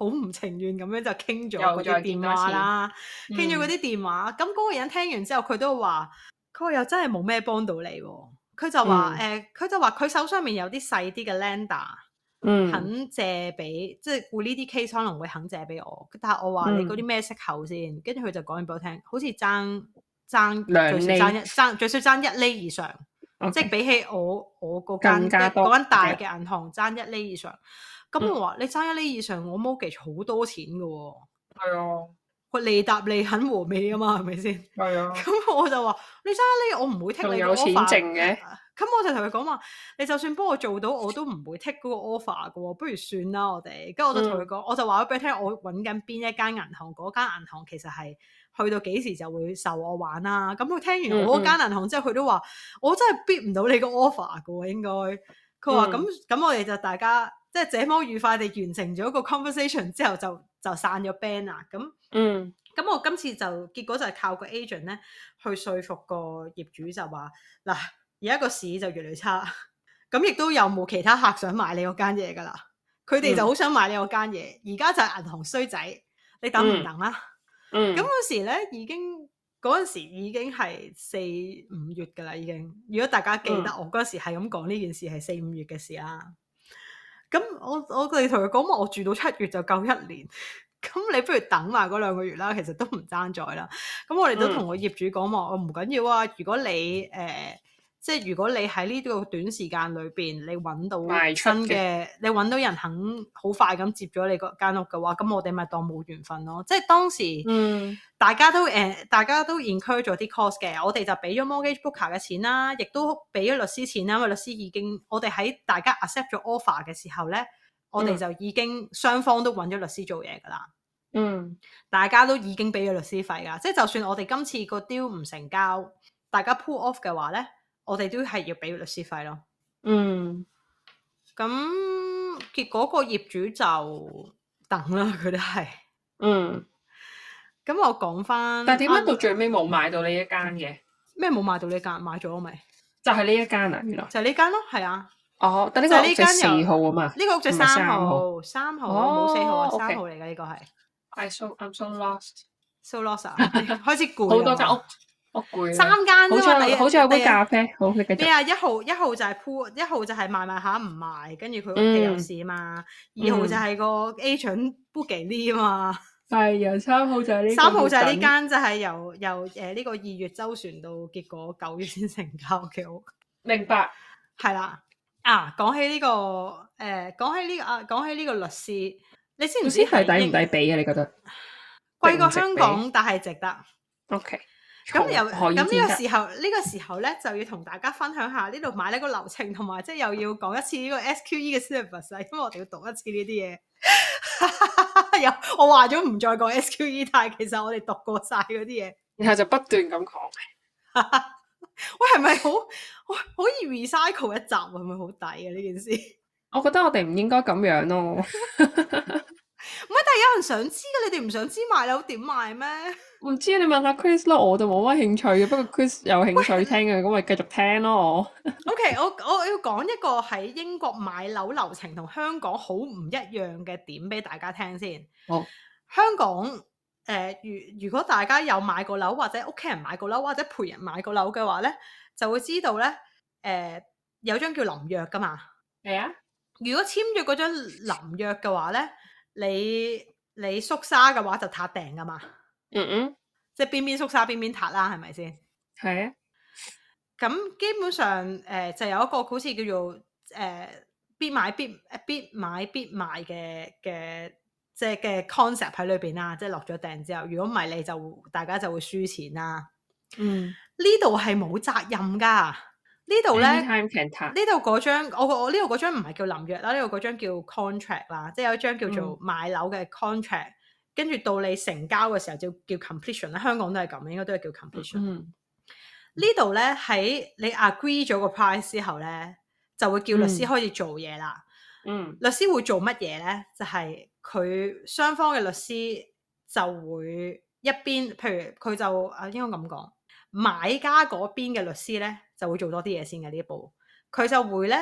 好唔情願咁樣就傾咗嗰啲電話啦，傾咗嗰啲電話。咁嗰、嗯、個人聽完之後，佢都話：佢又真係冇咩幫到你。佢就話：誒、嗯，佢、欸、就話佢手上面有啲細啲嘅 lender，嗯，肯借俾，即係估呢啲 case 可能會肯借俾我。但係我話、嗯、你嗰啲咩息口先？跟住佢就講咗俾我聽，好似爭爭最少爭一爭最少爭一厘以上，即係比起我我嗰間嗰間大嘅銀行爭一厘以上。咁我話你揸一厘以上，我 mortgage 好多錢㗎喎、哦。係啊，佢利搭利很和味啊嘛，係咪先？係啊。咁、嗯、我就話你揸一厘，我唔會 take 你嘅。有錢剩嘅。咁、啊嗯嗯、我就同佢講話，你就算幫我做到，我都唔會 take 嗰個 offer 喎。不如算啦，我哋。咁我就同佢講，我就話俾你聽，我揾緊邊一間銀行，嗰間銀行其實係去到幾時就會受我玩啦、啊。咁佢聽完我間銀行之後，佢、嗯、都話我真係逼唔到你個 offer 㗎喎，應該。佢話：咁、嗯、咁，我哋就大家即係這麼愉快地完成咗個 conversation 之後就，就就散咗 band 啦。咁，咁、嗯、我今次就結果就係靠個 agent 咧去說服個業主就，就話嗱，而家個市就越嚟越差，咁亦都有冇其他客想買你嗰間嘢㗎啦。佢哋就好想買你嗰間嘢，而、嗯、家就係銀行衰仔，你等唔等啦、啊？咁、嗯、嗰、嗯、時咧已經。嗰陣時已經係四五月噶啦，已經。如果大家記得、嗯、我嗰陣時係咁講呢件事係四五月嘅事啦。咁我我哋同佢講話，我住到七月就夠一年。咁你不如等埋嗰兩個月啦，其實都唔爭在啦。咁我哋都同我業主講話，我唔、嗯、緊要啊。如果你誒。呃即係如果你喺呢個短時間裏邊，你揾到新嘅，你揾到人肯好快咁接咗你個間屋嘅話，咁我哋咪當冇緣分咯。即係當時大家都誒，大家都 incur 咗啲 cost 嘅，我哋就俾咗 mortgage broker 嘅錢啦，亦都俾咗律師錢啦。因為律師已經，我哋喺大家 accept 咗 offer 嘅時候咧，我哋就已經雙方都揾咗律師做嘢噶啦。嗯，大家都已經俾咗律師費噶。即係就算我哋今次個 deal 唔成交，大家 pull off 嘅話咧。我哋都係要俾律師費咯。嗯，咁結果個業主就等啦，佢都係。嗯，咁我講翻。但係點解到最尾冇買到呢一間嘅？咩、啊、冇買到呢間？買咗咪？就係、是、呢一間啊！原來就係呢間咯，係啊。哦，但呢個就呢間四號啊嘛。呢個屋就三號，號，三號冇四號啊，三、哦、號嚟嘅呢個係。I'm so I'm so lost. So lost，、哎、 開始攰。好多間屋。哦好攰。三間都好似有杯咖啡。好，你繼續。咩啊？一號一號就係鋪，一號就係賣賣下唔賣，跟住佢屋企有事啊嘛。二、嗯、號就係個 agent book 啊嘛。係、哎這個就是，由三號就係呢。三號就係呢間，就係由由誒呢個二月周旋到結果九月先成交嘅。明白。係啦。啊，講起呢、這個誒，講、呃、起呢、這個啊，講起呢個律師，你知唔知係抵唔抵畀啊？你覺得？貴過香港，但係值得。OK。咁又咁呢個時候呢個時候咧，就要同大家分享下呢度買呢個流程，同埋即係又要講一次呢個 SQE 嘅 service 因為我哋要讀一次呢啲嘢。 又我話咗唔再講 SQE，但係其實我哋讀過晒嗰啲嘢。然後就不斷咁講。 喂，係咪好？喂，好易 recycle 一集，會唔會好抵啊？呢件事，我覺得我哋唔應該咁樣咯。 唔係，但係有人想知㗎，你哋唔想知買樓點買咩？唔知啊，你問下 Chris 咯，我就冇乜興趣嘅。不過 Chris 有興趣聽嘅，咁咪繼續聽咯。O K，我 okay，我，我要講一個喺英國買樓流程同香港好唔一樣嘅點俾大家聽先。好，哦，香港誒，如，呃、如果大家有買過樓，或者屋企人買過樓，或者陪人買過樓嘅話咧，就會知道咧，誒、呃，有張叫臨約噶嘛。係啊。如果簽約嗰張臨約嘅話咧。你你縮沙嘅話就撻訂噶嘛，嗯嗯，即係邊邊縮沙邊邊撻啦，係咪先？係啊，咁基本上誒、呃、就有一個好似叫做誒、呃、必買必誒、呃、必買必賣嘅嘅即係嘅 concept 喺裏邊啦，即係落咗訂之後，如果唔係你就大家就會輸錢啦，嗯，呢度係冇責任噶。這呢度咧，呢度嗰張、哦，我我呢度嗰張唔係叫臨約啦，呢度嗰張叫 contract 啦，即係有一張叫做買樓嘅 contract，跟、嗯、住到你成交嘅時候就叫 completion 啦。香港都係咁，應該都係叫 completion。嗯、這裏呢度咧，喺你 agree 咗個 price 之後咧，就會叫律師開始做嘢啦。嗯，律師會做乜嘢咧？就係、是、佢雙方嘅律師就會一邊，譬如佢就啊，應該咁講，買家嗰邊嘅律師咧，就會做多啲嘢先嘅呢一步，佢就會咧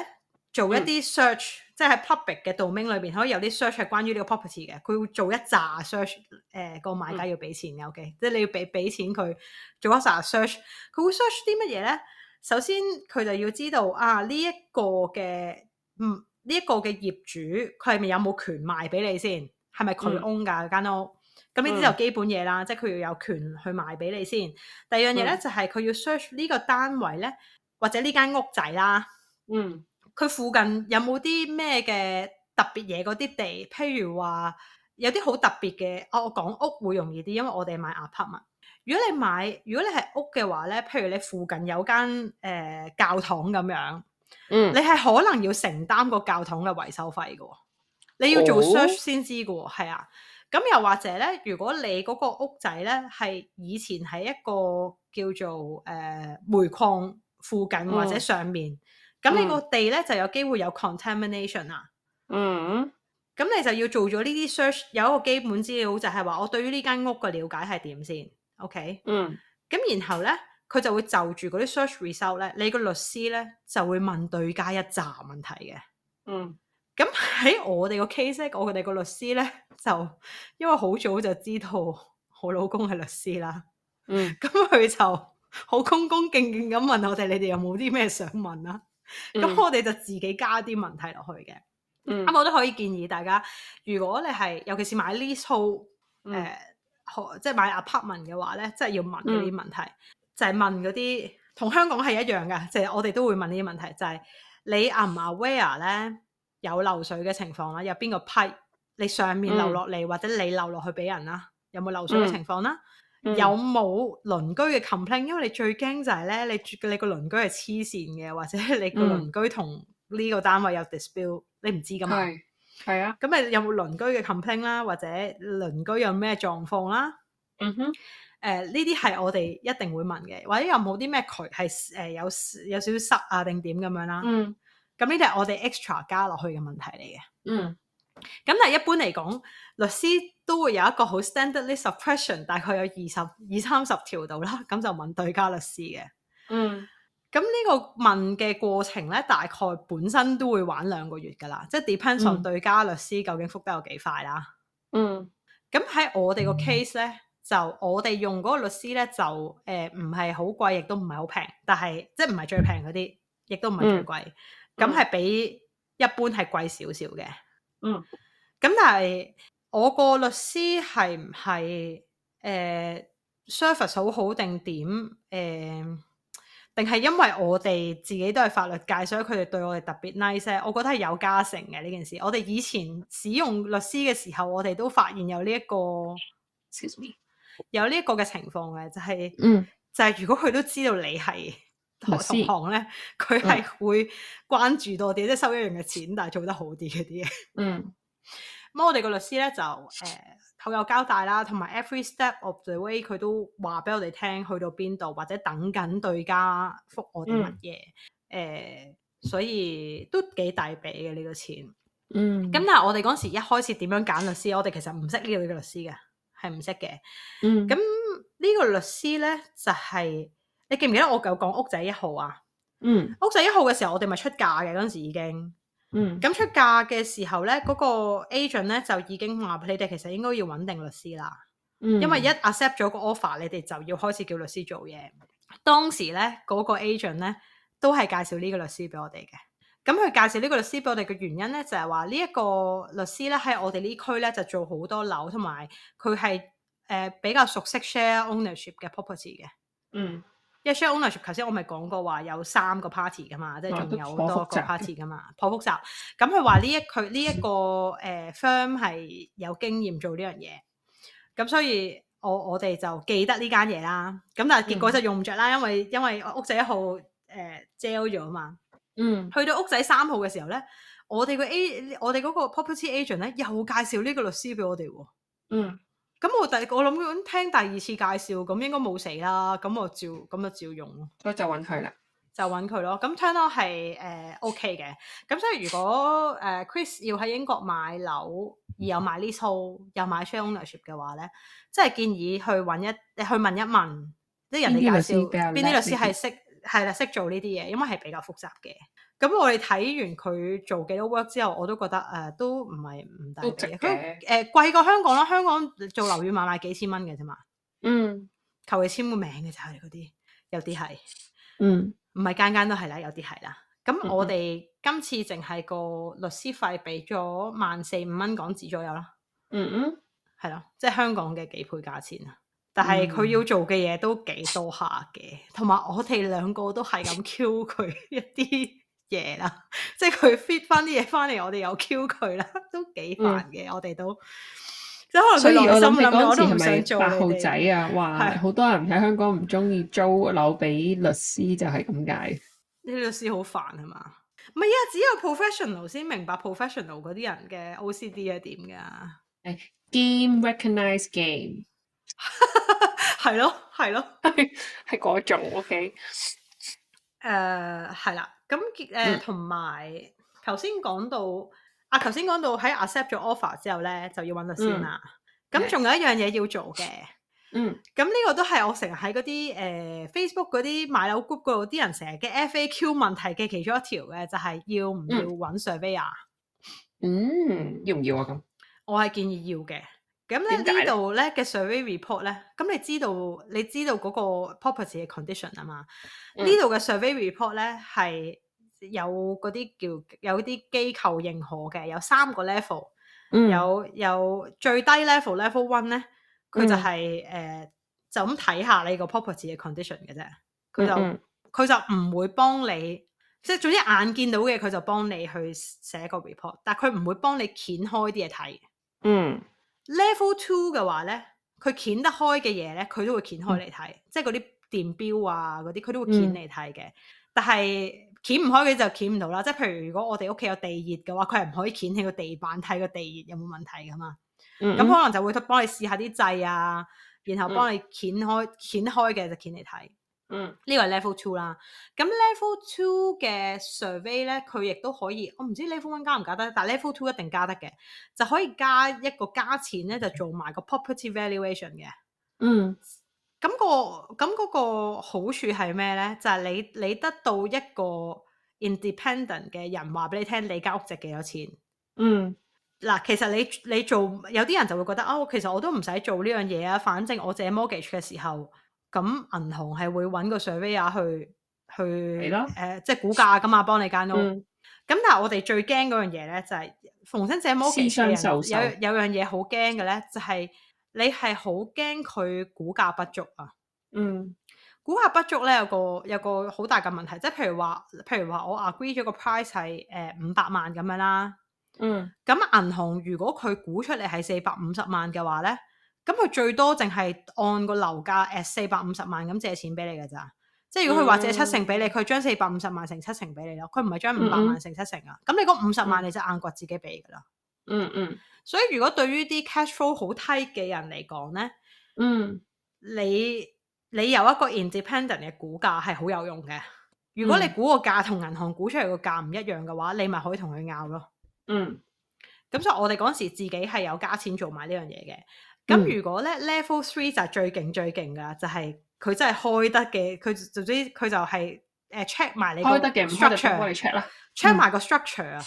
做一啲 search，、嗯、即係喺 public 嘅 domain 裏面，可以有啲 search 係關於呢個 property 嘅，佢會做一紮 search，個、呃這個買家要俾錢嘅，OK 即係你要俾俾錢佢做一紮 search，佢會 search 啲乜嘢咧？首先佢就要知道啊呢一、這個嘅嗯呢一、這個嘅業主佢係咪有冇權賣俾你先？係咪佢 own 噶？間、嗯、屋？咁呢啲就基本嘢啦，嗯、即係佢要有權去賣俾你先。第二樣嘢咧、嗯，就係、是、佢要 search 呢個單位咧，或者呢間屋仔啦。嗯，佢附近有冇啲咩嘅特別嘢嗰啲地？譬如話有啲好特別嘅。哦，我講屋會容易啲，因為我哋買 apartment。如果你買，如果你係屋嘅話咧，譬如你附近有間、呃、教堂咁樣，嗯，你係可能要承擔個教堂嘅維修費嘅、哦。你要做 search 先知嘅、哦，係、哦、啊。咁又或者咧，如果你嗰個屋仔咧係以前喺一個叫做誒、呃、煤礦附近或者上面，咁、嗯、你個地咧、嗯、就有機會有 contamination 啊。嗯。咁你就要做咗呢啲 search，有一個基本資料就係、是、話我對於呢間屋嘅了解係點先。OK。嗯。咁然後咧，佢就會就住嗰啲 search result 咧，你個律師咧就會問對家一紮問題嘅。嗯。咁喺我哋個 case，我哋個律師咧就因為好早就知道我老公係律師啦。嗯，咁佢就好恭恭敬敬咁問我哋：你哋有冇啲咩想問啦、啊？咁、嗯、我哋就自己加啲問題落去嘅。嗯，咁我都可以建議大家，如果你係尤其是買 leasehold 即係買 apartment 嘅話咧，即、就、係、是、要問嗰啲問，、嗯就是問，就是、問，問題，就係問嗰啲同香港係一樣嘅，即係我哋都會問呢啲問題，就係你啊唔 aware 咧？有漏水嘅情況啦，有邊個批你上面流落嚟、嗯，或者你流落去俾人啦，有冇漏水嘅情況啦、嗯？有冇鄰居嘅 complain？因為你最驚就係咧，你你個鄰居係黐線嘅，或者你個鄰居同呢個單位有 dispute，嗯、你唔知噶嘛？係係啊，咁誒有冇鄰居嘅 complain 啦，或者鄰居有咩狀況啦？嗯、哼，誒呢啲係我哋一定會問嘅，或者有冇啲咩渠係誒、呃、有有少少濕啊定點咁樣啦？嗯。咁呢啲係我哋 extra 加落去嘅問題嚟嘅。嗯。咁但係一般嚟講，律師都會有一個好 standard list of question，大概有二十、二三十條度啦。咁就問對家律師嘅。嗯。咁呢個問嘅過程咧，大概本身都會玩兩個月噶啦。即係 depends on、嗯、對家律師究竟覆得有幾快啦。嗯。咁喺我哋個 case 咧，就我哋用嗰個律師咧，就唔係好貴，亦都唔係好平。但係即唔係最平嗰啲，亦都唔係最貴。嗯。咁係比一般係貴少少嘅，嗯。咁、嗯、但係我個律師係唔係 service 好好定點？定係因為我哋自己都係法律界，所以佢哋對我哋特別 nice。我覺得係有加成嘅呢件事。我哋以前使用律師嘅時候，我哋都發現有呢、這、一個 excuse me，有呢一個嘅情況嘅，就係、是、嗯，就係、是、如果佢都知道你係。嗯同行咧，佢係會關注多啲、嗯，即係收一樣嘅錢，但係做得好啲嗰啲嘢。 嗯，咁我哋個律師咧就，誒、呃，佢有交代啦，同埋 every step of the way，佢都話俾我哋聽，去到邊度或者等緊對家覆我啲乜嘢。誒、嗯呃，所以都幾大俾嘅呢個錢。嗯。咁但係我哋嗰時一開始點樣揀律師？我哋其實唔識呢個律師嘅，係唔識嘅。嗯。咁呢個律師咧就係、是。你記唔記得我有講屋仔一號啊？嗯，屋仔一號嘅時候，我哋咪出價嘅嗰陣時已經。嗯，咁出價嘅時候咧，嗰個 agent 咧就已經話俾你哋，其實應該要搵定律師啦。嗯，因為一 accept 咗個 offer，你哋就要開始叫律師做嘢。當時咧，嗰個 agent 咧都係介紹呢個律師俾我哋嘅。咁佢介紹呢個律師俾我哋嘅原因咧，就係話呢一個律師咧喺我哋呢區咧就做好多樓，同埋佢係誒比較熟悉 share ownership 嘅 property 嘅。嗯。一、yeah, share ownership，頭先我咪講過話有三個 party 噶嘛，即係仲有好多個 party 噶嘛、啊破，破複雜。咁佢話呢一佢呢一個 firm 係、呃嗯、有經驗做呢樣嘢，咁所以我我哋就記得呢間嘢啦。咁但係結果就用唔着啦，因為因為屋仔一號誒 deal 咗啊嘛。嗯。去到屋仔三號嘅時候咧，我哋個 A，我哋嗰個 property agent 咧又介紹呢個律師俾我哋喎、啊。嗯。咁我第我諗聽第二次介紹，咁應該冇死啦，咁我照咁就照用就就咯。咁、呃 okay、就揾佢啦，就揾佢咯。咁聽落係誒 OK 嘅。咁所以如果誒、呃、Chris 要喺英國買樓，而又買 lease 又買 share ownership 嘅話咧，即、就、係、是、建議去揾一去問一問，即係人哋介紹邊啲律師係識係啦，識做呢啲嘢，因為係比較複雜嘅。咁我哋睇完佢做幾多 work 之後，我都覺得、呃、都唔係唔大嘅。佢誒、呃、貴過香港啦，香港做樓宇買賣幾千蚊嘅啫嘛。嗯，求其簽個名嘅就係嗰啲，有啲係。嗯，唔係間間都係啦，有啲係啦。咁我哋今次淨係個律師費俾咗萬四五蚊港紙左右啦。嗯嗯，係咯，即係香港嘅幾倍價錢啊！但係佢要做嘅嘢都幾多下嘅，同埋我哋兩個都係咁 Q 佢一啲、嗯。 嘢、yeah. 啦、 嗯，即係佢 fit 翻啲嘢翻嚟，我哋又 Q 佢啦，都幾煩嘅。我哋都即係可能佢內心諗我，我都唔想做是是八號仔啊，哇，好多人喺香港唔中意租樓俾律師就，就係咁解。啲律師好煩係嘛？唔係啊，只有 professional 先明白 professional 嗰啲人嘅 OCD 係點噶。誒，game recognize game，係咯係咯，係嗰種。O.K. 誒，係、uh，啦。咁、嗯、誒，同埋頭先講到啊，頭先講到喺 accept 咗 offer 之後咧，就要揾律師啦。咁仲有一樣嘢要做嘅，嗯，咁、嗯、呢、嗯、個都係我成日喺嗰啲誒 Facebook 嗰啲買樓 group 嗰度，啲人成日嘅 FAQ 問題嘅其中一條嘅，就係、是、要唔要揾 surveyor？嗯，要唔要啊？咁我係建議要嘅。咁咧呢度咧嘅 survey report 咧，咁你知道你知道嗰個 property 嘅 condition 啊嘛？呢度嘅 survey report 咧係有嗰啲叫有啲機構認可嘅，有三個 level，嗯、有有最低 level level one 咧，佢就係、是、誒、嗯呃、就咁睇下你個 property 嘅 condition 嘅啫，佢就佢、嗯、就唔會幫你，即係總之眼見到嘅佢就幫你去寫個 report，但佢唔會幫你掀開啲嘢睇。嗯。Level two 嘅話咧，佢掀得開嘅嘢咧，佢都會掀開嚟睇、嗯，即係嗰啲電表啊嗰啲，佢都會掀嚟睇嘅。但係掀唔開嘅就掀唔到啦。即係譬如如果我哋屋企有地熱嘅話，佢係唔可以掀起個地板睇個地熱有冇問題噶嘛。咁、嗯嗯、可能就會幫你試下啲掣啊，然後幫你掀開、嗯、掀開嘅就掀嚟睇。嗯，呢個係 level two 啦，咁 level two 嘅 survey 咧，佢亦都可以，我唔知 level one 加唔加得，但 level two 一定加得嘅，就可以加一個加錢咧，就做埋個 property valuation 嘅。嗯，咁個咁嗰個好處係咩咧？就係你你得到一個 independent 嘅人話俾你聽，你間屋值幾多錢。嗯，嗱，其實你你做有啲人就會覺得哦，其實我都唔使做呢樣嘢啊，反正我借 mortgage 嘅時候。咁銀行係會揾個 survey 去去是、呃、即係估價噶嘛，幫你間屋。咁、嗯、但係我哋最驚嗰樣嘢咧，就係、是、逢親者摩羯人有有樣嘢好驚嘅咧，就係、是、你係好驚佢估價不足啊。嗯，估價不足咧有個有個好大嘅問題，即係譬如話譬如話我 agree 咗個 price 係誒五百萬咁樣啦。嗯，咁銀行如果佢估出嚟係四百五十萬嘅話咧？咁佢最多淨係按個樓價誒四百五十萬咁借錢俾你嘅咋？即係如果佢話借七成俾你，佢將四百五十萬乘七成俾你咯。佢唔係將五百萬乘七成啊。咁、嗯、你嗰五十萬你就硬掘自己俾噶啦。嗯嗯，嗯。所以如果對於啲 cash flow 好低嘅人嚟講咧，嗯，你你有一個 independent 嘅估價係好有用嘅。如果你估個價同銀行估出嚟個價唔一樣嘅話，你咪可以同佢拗咯。嗯。咁所以我哋嗰時自己係有加錢做埋呢樣嘢嘅。咁如果咧、mm. level three 就最勁最勁噶，就係、是、佢真係開得嘅，佢總之佢就係、是、誒、呃、check 埋你開得嘅 structure 啦、mm.，check 埋個 structure 啊。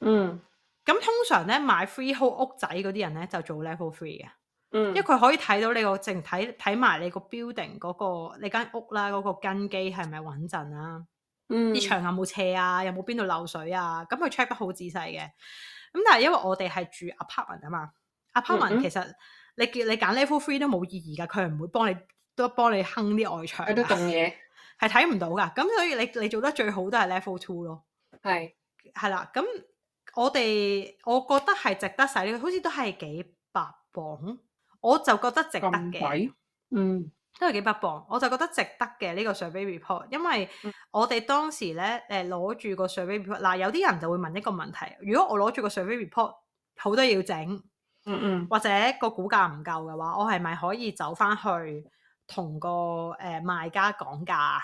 嗯。咁通常咧買 freehold 屋仔嗰啲人咧就做 level three 嘅。嗯、mm.。因為佢可以睇到你，你、那個淨睇睇埋你個 building 嗰個你間屋啦，嗰、那個根基係咪穩陣啊，嗯。啲牆有冇斜啊？有冇邊度漏水啊？咁佢 check 得好仔細嘅。咁但係因為我哋係住 apartment 啊嘛、mm-hmm.，apartment 其實。你你揀 level three 都冇意義噶，佢唔會幫你都幫你哼啲外牆。喺度動嘢，係睇唔到噶。咁所以你你做得最好都係 level two 咯。係係啦，咁我哋我覺得係值得呢洗、呢個，好似都係幾百磅。我就覺得值得嘅。嗯，都係幾百磅，我就覺得值得嘅呢、呢個 survey report，因為我哋當時咧誒攞住個 survey report。嗱，有啲人就會問呢個問題：如果我攞住個 survey report，好多嘢要整。嗯嗯，或者個估價唔夠嘅話，我係咪可以走翻去同個誒、呃、賣家講價？誒、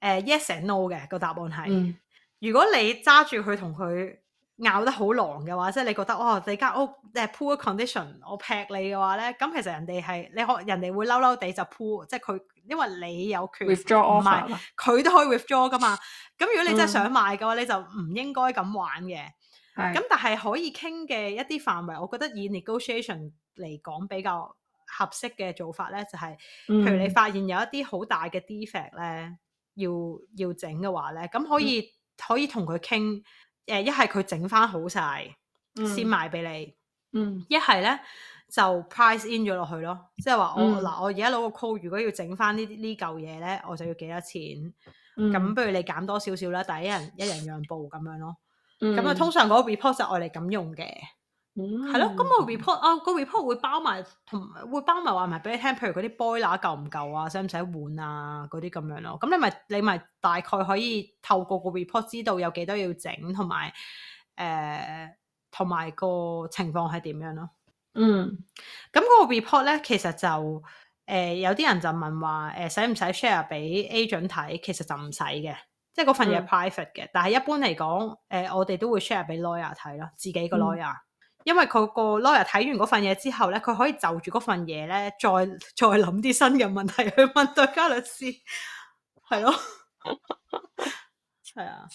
呃、，yes and no 嘅個答案係，如果你揸住佢同佢拗得好狼嘅話，即、就、係、是、你覺得哇、哦，你間屋誒鋪個 condition，我劈你嘅話咧，咁其實人哋係你可人哋會嬲嬲地就鋪，即係佢因為你有權，唔係佢都可以 withdraw 噶嘛。咁、嗯、如果你真係想賣嘅話，你就唔應該咁玩嘅。咁但係可以傾嘅一啲範圍，我覺得以 negotiation 嚟講比較合適嘅做法咧，就係、是，譬如你發現有一啲好大嘅 defect 咧、嗯，要要整嘅話咧，咁可以、嗯、可以同佢傾，誒一係佢整翻好晒、嗯，先賣俾你，嗯，一係咧就 price in 咗落去咯，即係話我嗱、嗯哦、我而家攞個 call，如果要整翻呢呢嚿嘢咧，我就要幾多錢，咁、嗯、不如你減多少少啦，第一人一人讓步咁樣咯。咁、嗯、啊，就通常嗰個 report 就我哋咁用嘅，係、嗯、咯。咁、那個 report 啊，嗯哦那個 report 會包埋同會包埋話埋俾你聽，譬如嗰啲 boiler 夠唔夠啊，使唔使換啊，嗰啲咁樣咯。咁你咪你咪大概可以透過個 report 知道有幾多少要整，同埋誒同埋個情況係點樣咯。嗯，咁、那、嗰個 report 咧，其實就誒、呃、有啲人就問話誒，使唔使 share 俾 agent 睇？其實就唔使嘅。即係嗰份嘢係 private 嘅，但係一般嚟講，誒、呃、我哋都會 share 俾 lawyer 睇咯，自己個 lawyer 因為佢個 lawyer 睇完嗰份嘢之後咧，佢可以就住嗰份嘢咧，再再諗啲新嘅問題去問對家律師，係 對咯， 係 啊，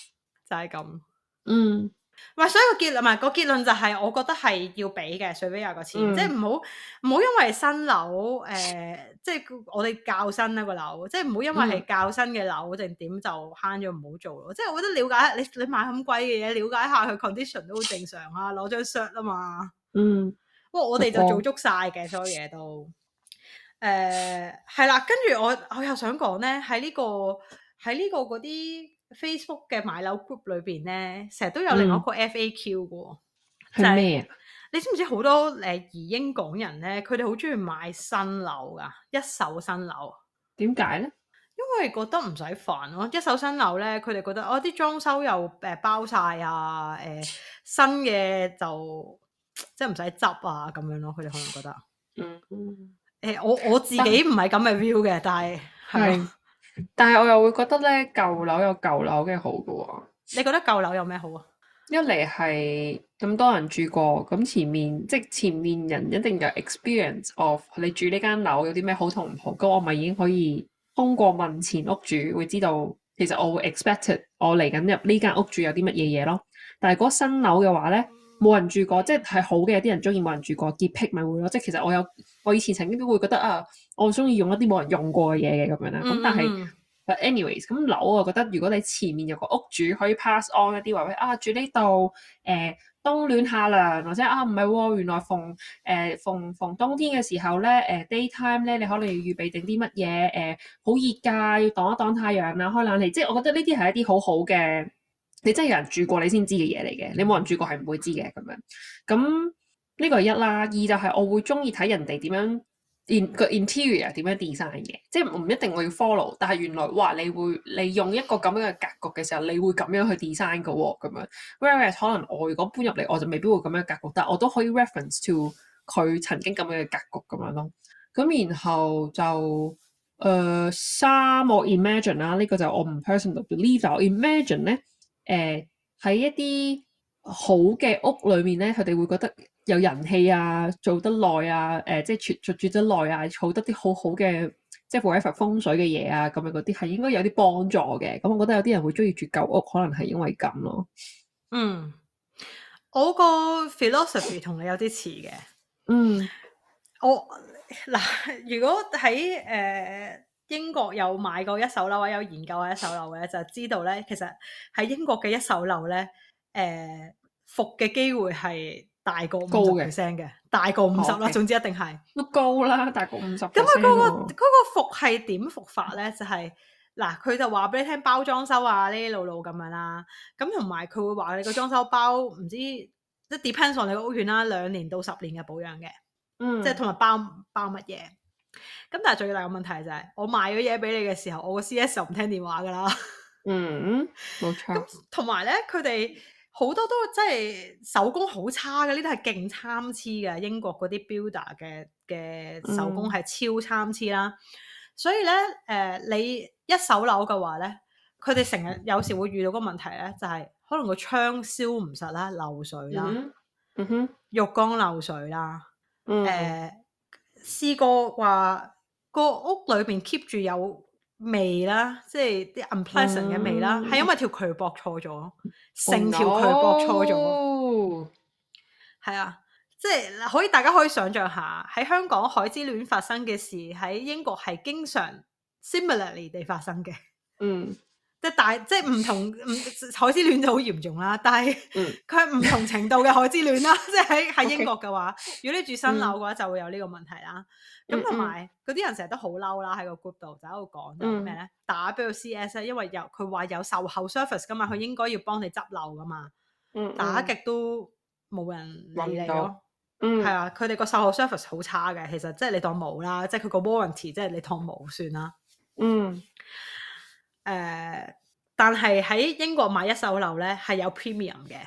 就係、是、咁，嗯。咪所以結論是、嗰個結論，咪個結論就係，我覺得係要俾嘅水尾亞個錢，即係唔好唔好因為新樓，誒、呃，即、就、係、是、我哋教新一個樓，即係唔好因為係教新嘅樓定點就慳咗唔好做咯。即、嗯、係、就是、我覺得了解你你買咁貴嘅嘢，了解下佢 condition 都好正常啊，攞張 shot 啊嘛。嗯，不過我哋就做足晒嘅所有嘢都，誒係啦，跟住我我又想講咧，喺呢、呢個喺呢個嗰啲。Facebook 嘅買樓 group 裏邊咧，成日都有另外一個 FAQ 嘅，係咩啊？你知唔知好多誒，移英港人咧，佢哋好中意買新樓噶，一手新樓。點解咧？因為覺得唔使煩咯，一手新樓咧，佢哋覺得哦，啲裝修又誒包晒、呃、啊，誒新嘅就即係唔使執啊，咁樣咯。佢哋可能覺得，嗯，誒、欸，我我自己唔係咁嘅 view 嘅，但係係咪。 但係我又會覺得咧舊樓有舊樓嘅好噶喎，你覺得舊樓有咩好啊？一嚟係咁多人住過，咁前面即係前面人一定有 experience of 你住呢間樓有啲咩好同唔好，咁我咪已經可以通過問前屋主會知道，其實我會 expected 我嚟緊入呢間屋主有啲乜嘢嘢咯。但係嗰新樓嘅話咧。冇人住過，即係係好嘅，有啲人中意冇人住過，潔癖咪會咯。即係其實我有，我以前曾經都會覺得啊，我中意用一啲冇人用過嘅嘢嘅咁樣啦。咁但係、mm-hmm. but anyways，咁樓我覺得如果你前面有個屋主可以 pass on 一啲話，話啊住呢度，誒、呃、冬暖夏涼或者啊唔係喎，原來逢、呃、逢逢冬天嘅時候咧、呃、daytime 咧，你可能要預備定啲乜嘢誒？好、呃、熱㗎，要擋一擋太陽啦，開冷氣。即係我覺得呢啲係一啲好好嘅。你真係有人住過你才，你先知嘅嘢嚟嘅。你冇人住過，係唔會知嘅咁樣。咁呢個係一啦，二就係我會中意睇人哋點樣 in 個 interior 點樣 design 嘅，即係唔一定我要 follow。但係原來哇，你會你用一個咁樣嘅格局嘅時候，你會咁樣去 design 嘅喎咁樣。Whereas 可能我如果搬入嚟，我就未必會咁樣嘅格局，但係我都可以 reference to 佢曾經咁樣嘅格局咁樣咯。咁然後就誒、呃、三我 imagine 啦，呢個就是我唔 personally believe 我 imagine 咧。誒、呃、喺一啲好嘅屋裏面咧，佢哋會覺得有人氣啊，做得耐啊，誒、呃、即係住住得耐啊，儲得啲好好嘅即係符合風水嘅嘢啊，咁樣嗰啲係應該有啲幫助嘅。咁、嗯、我覺得有啲人會中意住舊屋，可能係因為咁咯。嗯，我個 philosophy 同你有啲似嘅。嗯，我嗱，如果喺誒。呃英國有買過一手樓或者有研究過一手樓嘅，就知道咧，其實喺英國嘅一手樓咧，誒復嘅機會係大過五十 percent 嘅，大過五十啦。總之一定係都高啦，大過五十。咁佢嗰個嗰、嗰個復係點復法咧？ 就係、係、嗱，佢就話俾你聽包裝修啊呢啲路路咁樣啦、啊。咁同埋佢會話你個裝修包唔知即 depends on 你個屋苑啦，兩年到十年嘅保養嘅，即係同埋包包乜嘢。咁但係最大嘅問題就係、是，我賣咗嘢俾你嘅時候，我個 C.S. 就唔聽電話噶啦。嗯，冇錯。咁同埋咧，佢哋好多都即係手工好差嘅，呢啲係勁參差嘅。英國嗰啲 builder 嘅嘅手工係超參差啦、嗯。所以咧，誒、呃、你一手樓嘅話咧，佢哋成日有時會遇到個問題咧、就是，就係可能個窗燒唔實啦，漏水啦，嗯嗯、哼浴缸漏水啦，誒、嗯。呃試過話，這個屋裏面 keep 住有味啦，即係啲 unpleasant 嘅味啦，係、嗯、因為條渠駁錯咗，成條渠駁錯咗，係、嗯、啊，即係可以大家可以想象一下喺香港海之戀發生嘅事，喺英國係經常 similarly 地發生嘅，嗯。即係大，即係唔同，海之亂就好嚴重啦。但係佢係唔同程度嘅海之亂啦。 即係喺喺英國嘅話，okay. 如果你住新樓嘅話，就會有呢個問題啦。咁同埋嗰啲人成日都好嬲啦，喺個 group 度就喺度講啲咩咧？打俾個 CS 因為有佢話有售後 service 噶嘛，佢應該要幫你執漏噶嘛。打極都冇人理你咯。嗯，係、嗯嗯、啊，佢哋個售後 service 好差嘅，其實即係你當冇啦，即係佢個 warranty 即係你當冇算啦。嗯。誒、呃，但係喺英國買一手樓咧，係有 premium 嘅。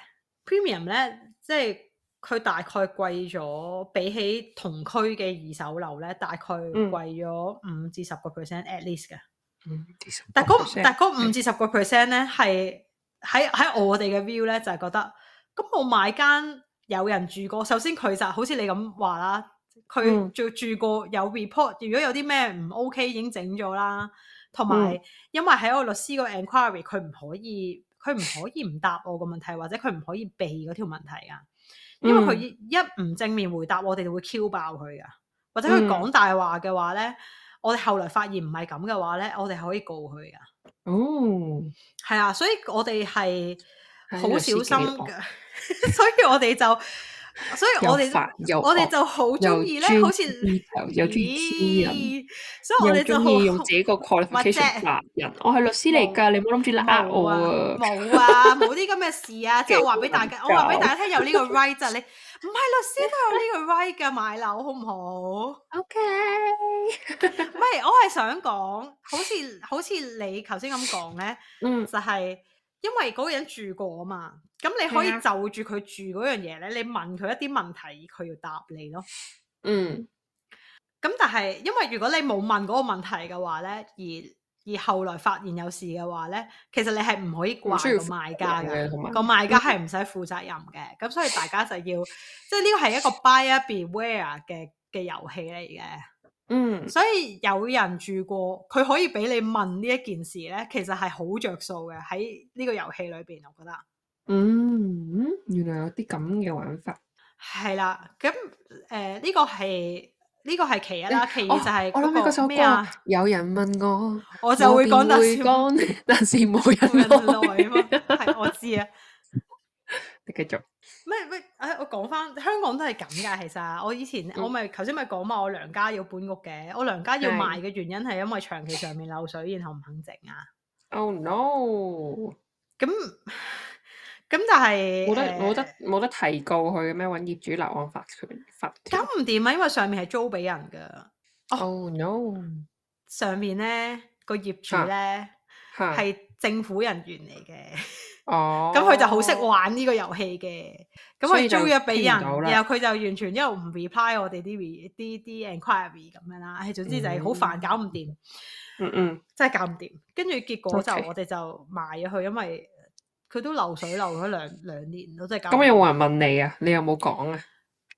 premium 咧，即係佢大概貴咗，比起同區嘅二手樓咧，大概貴咗五至十個 percent at least 嘅。嗯，20%? 但係嗰但五至十個 percent 咧，係喺喺我哋嘅 view 咧，就係、是、覺得咁我買間有人住過，首先佢就好似你咁話啦，佢住、嗯、住過有 report，如果有啲咩唔 OK 已經整咗啦。同埋， 因為喺我律師個 enquiry，佢唔可以，佢唔可以唔答我個問題，或者佢唔可以避嗰條問題㗎。因為佢一唔正面回答我哋，就會 Q 爆佢㗎。或者佢講大話嘅話咧， 我哋後來發現唔係咁嘅話咧，我哋可以告佢㗎。哦，係啊，所以我哋係好小心㗎， 所以我哋就。所以我哋我哋就好中意咧，好似所以我哋就好用自己個 qualification 我係律師嚟噶、哦，你唔好諗住拉我啊！冇啊，冇啲咁嘅事啊！即係話俾大家，我話俾大家聽有呢個 right 就 你唔係律師都有呢個 right 噶， 買樓好唔好？OK，唔係我係想講，好似好似，okay. 你頭先咁講咧， 嗯，就係、是、因為嗰個人住過啊嘛。咁你可以就住佢住嗰樣嘢咧，你問佢一啲問題，佢要答你咯。嗯。咁但係，因為如果你冇問嗰個問題嘅話咧，而而後來發現有事嘅話咧，其實你係唔可以掛住、嗯個賣家嘅，個賣家係唔使負責任嘅。咁所以大家就要， 即係呢個係一個 buyer beware 嘅嘅遊戲嚟嘅。嗯。所以有人住過，佢可以俾你問呢一件事咧，其實係好着數嘅喺呢個遊戲裏面，我覺得。嗯，原來有啲咁嘅玩法係啦，咁誒呢個係呢個係其一啦，其二就係嗰個咩啊？有人問我，我就會講，會講，但是冇人來。係，我知啊，你繼續。咩咩？誒，我講翻香港都係咁噶。其實我以前我咪頭先咪講話，我娘家要搬屋嘅，我娘家要賣嘅原因係因為長期上面漏水，然後唔肯整啊。Oh no！咁。咁但係冇得冇、欸、得冇得提告佢嘅咩？揾業主立案法團、法團？搞唔掂啊！因為上面係租俾人噶、哦。Oh no！上面咧個業主咧係、huh? 政府人員嚟嘅。哦。咁佢就好識玩呢個遊戲嘅。咁、oh. 佢租約俾人，然後佢就完全因為唔 reply 我哋啲啲啲 enquiry 咁樣啦。係總之就係好煩，搞唔掂。嗯嗯。真係搞唔掂。跟住結果就、okay. 我哋就賣咗佢，因為。佢都流水流咗兩兩年咯，即係咁。咁有冇人問你啊？你有冇講啊？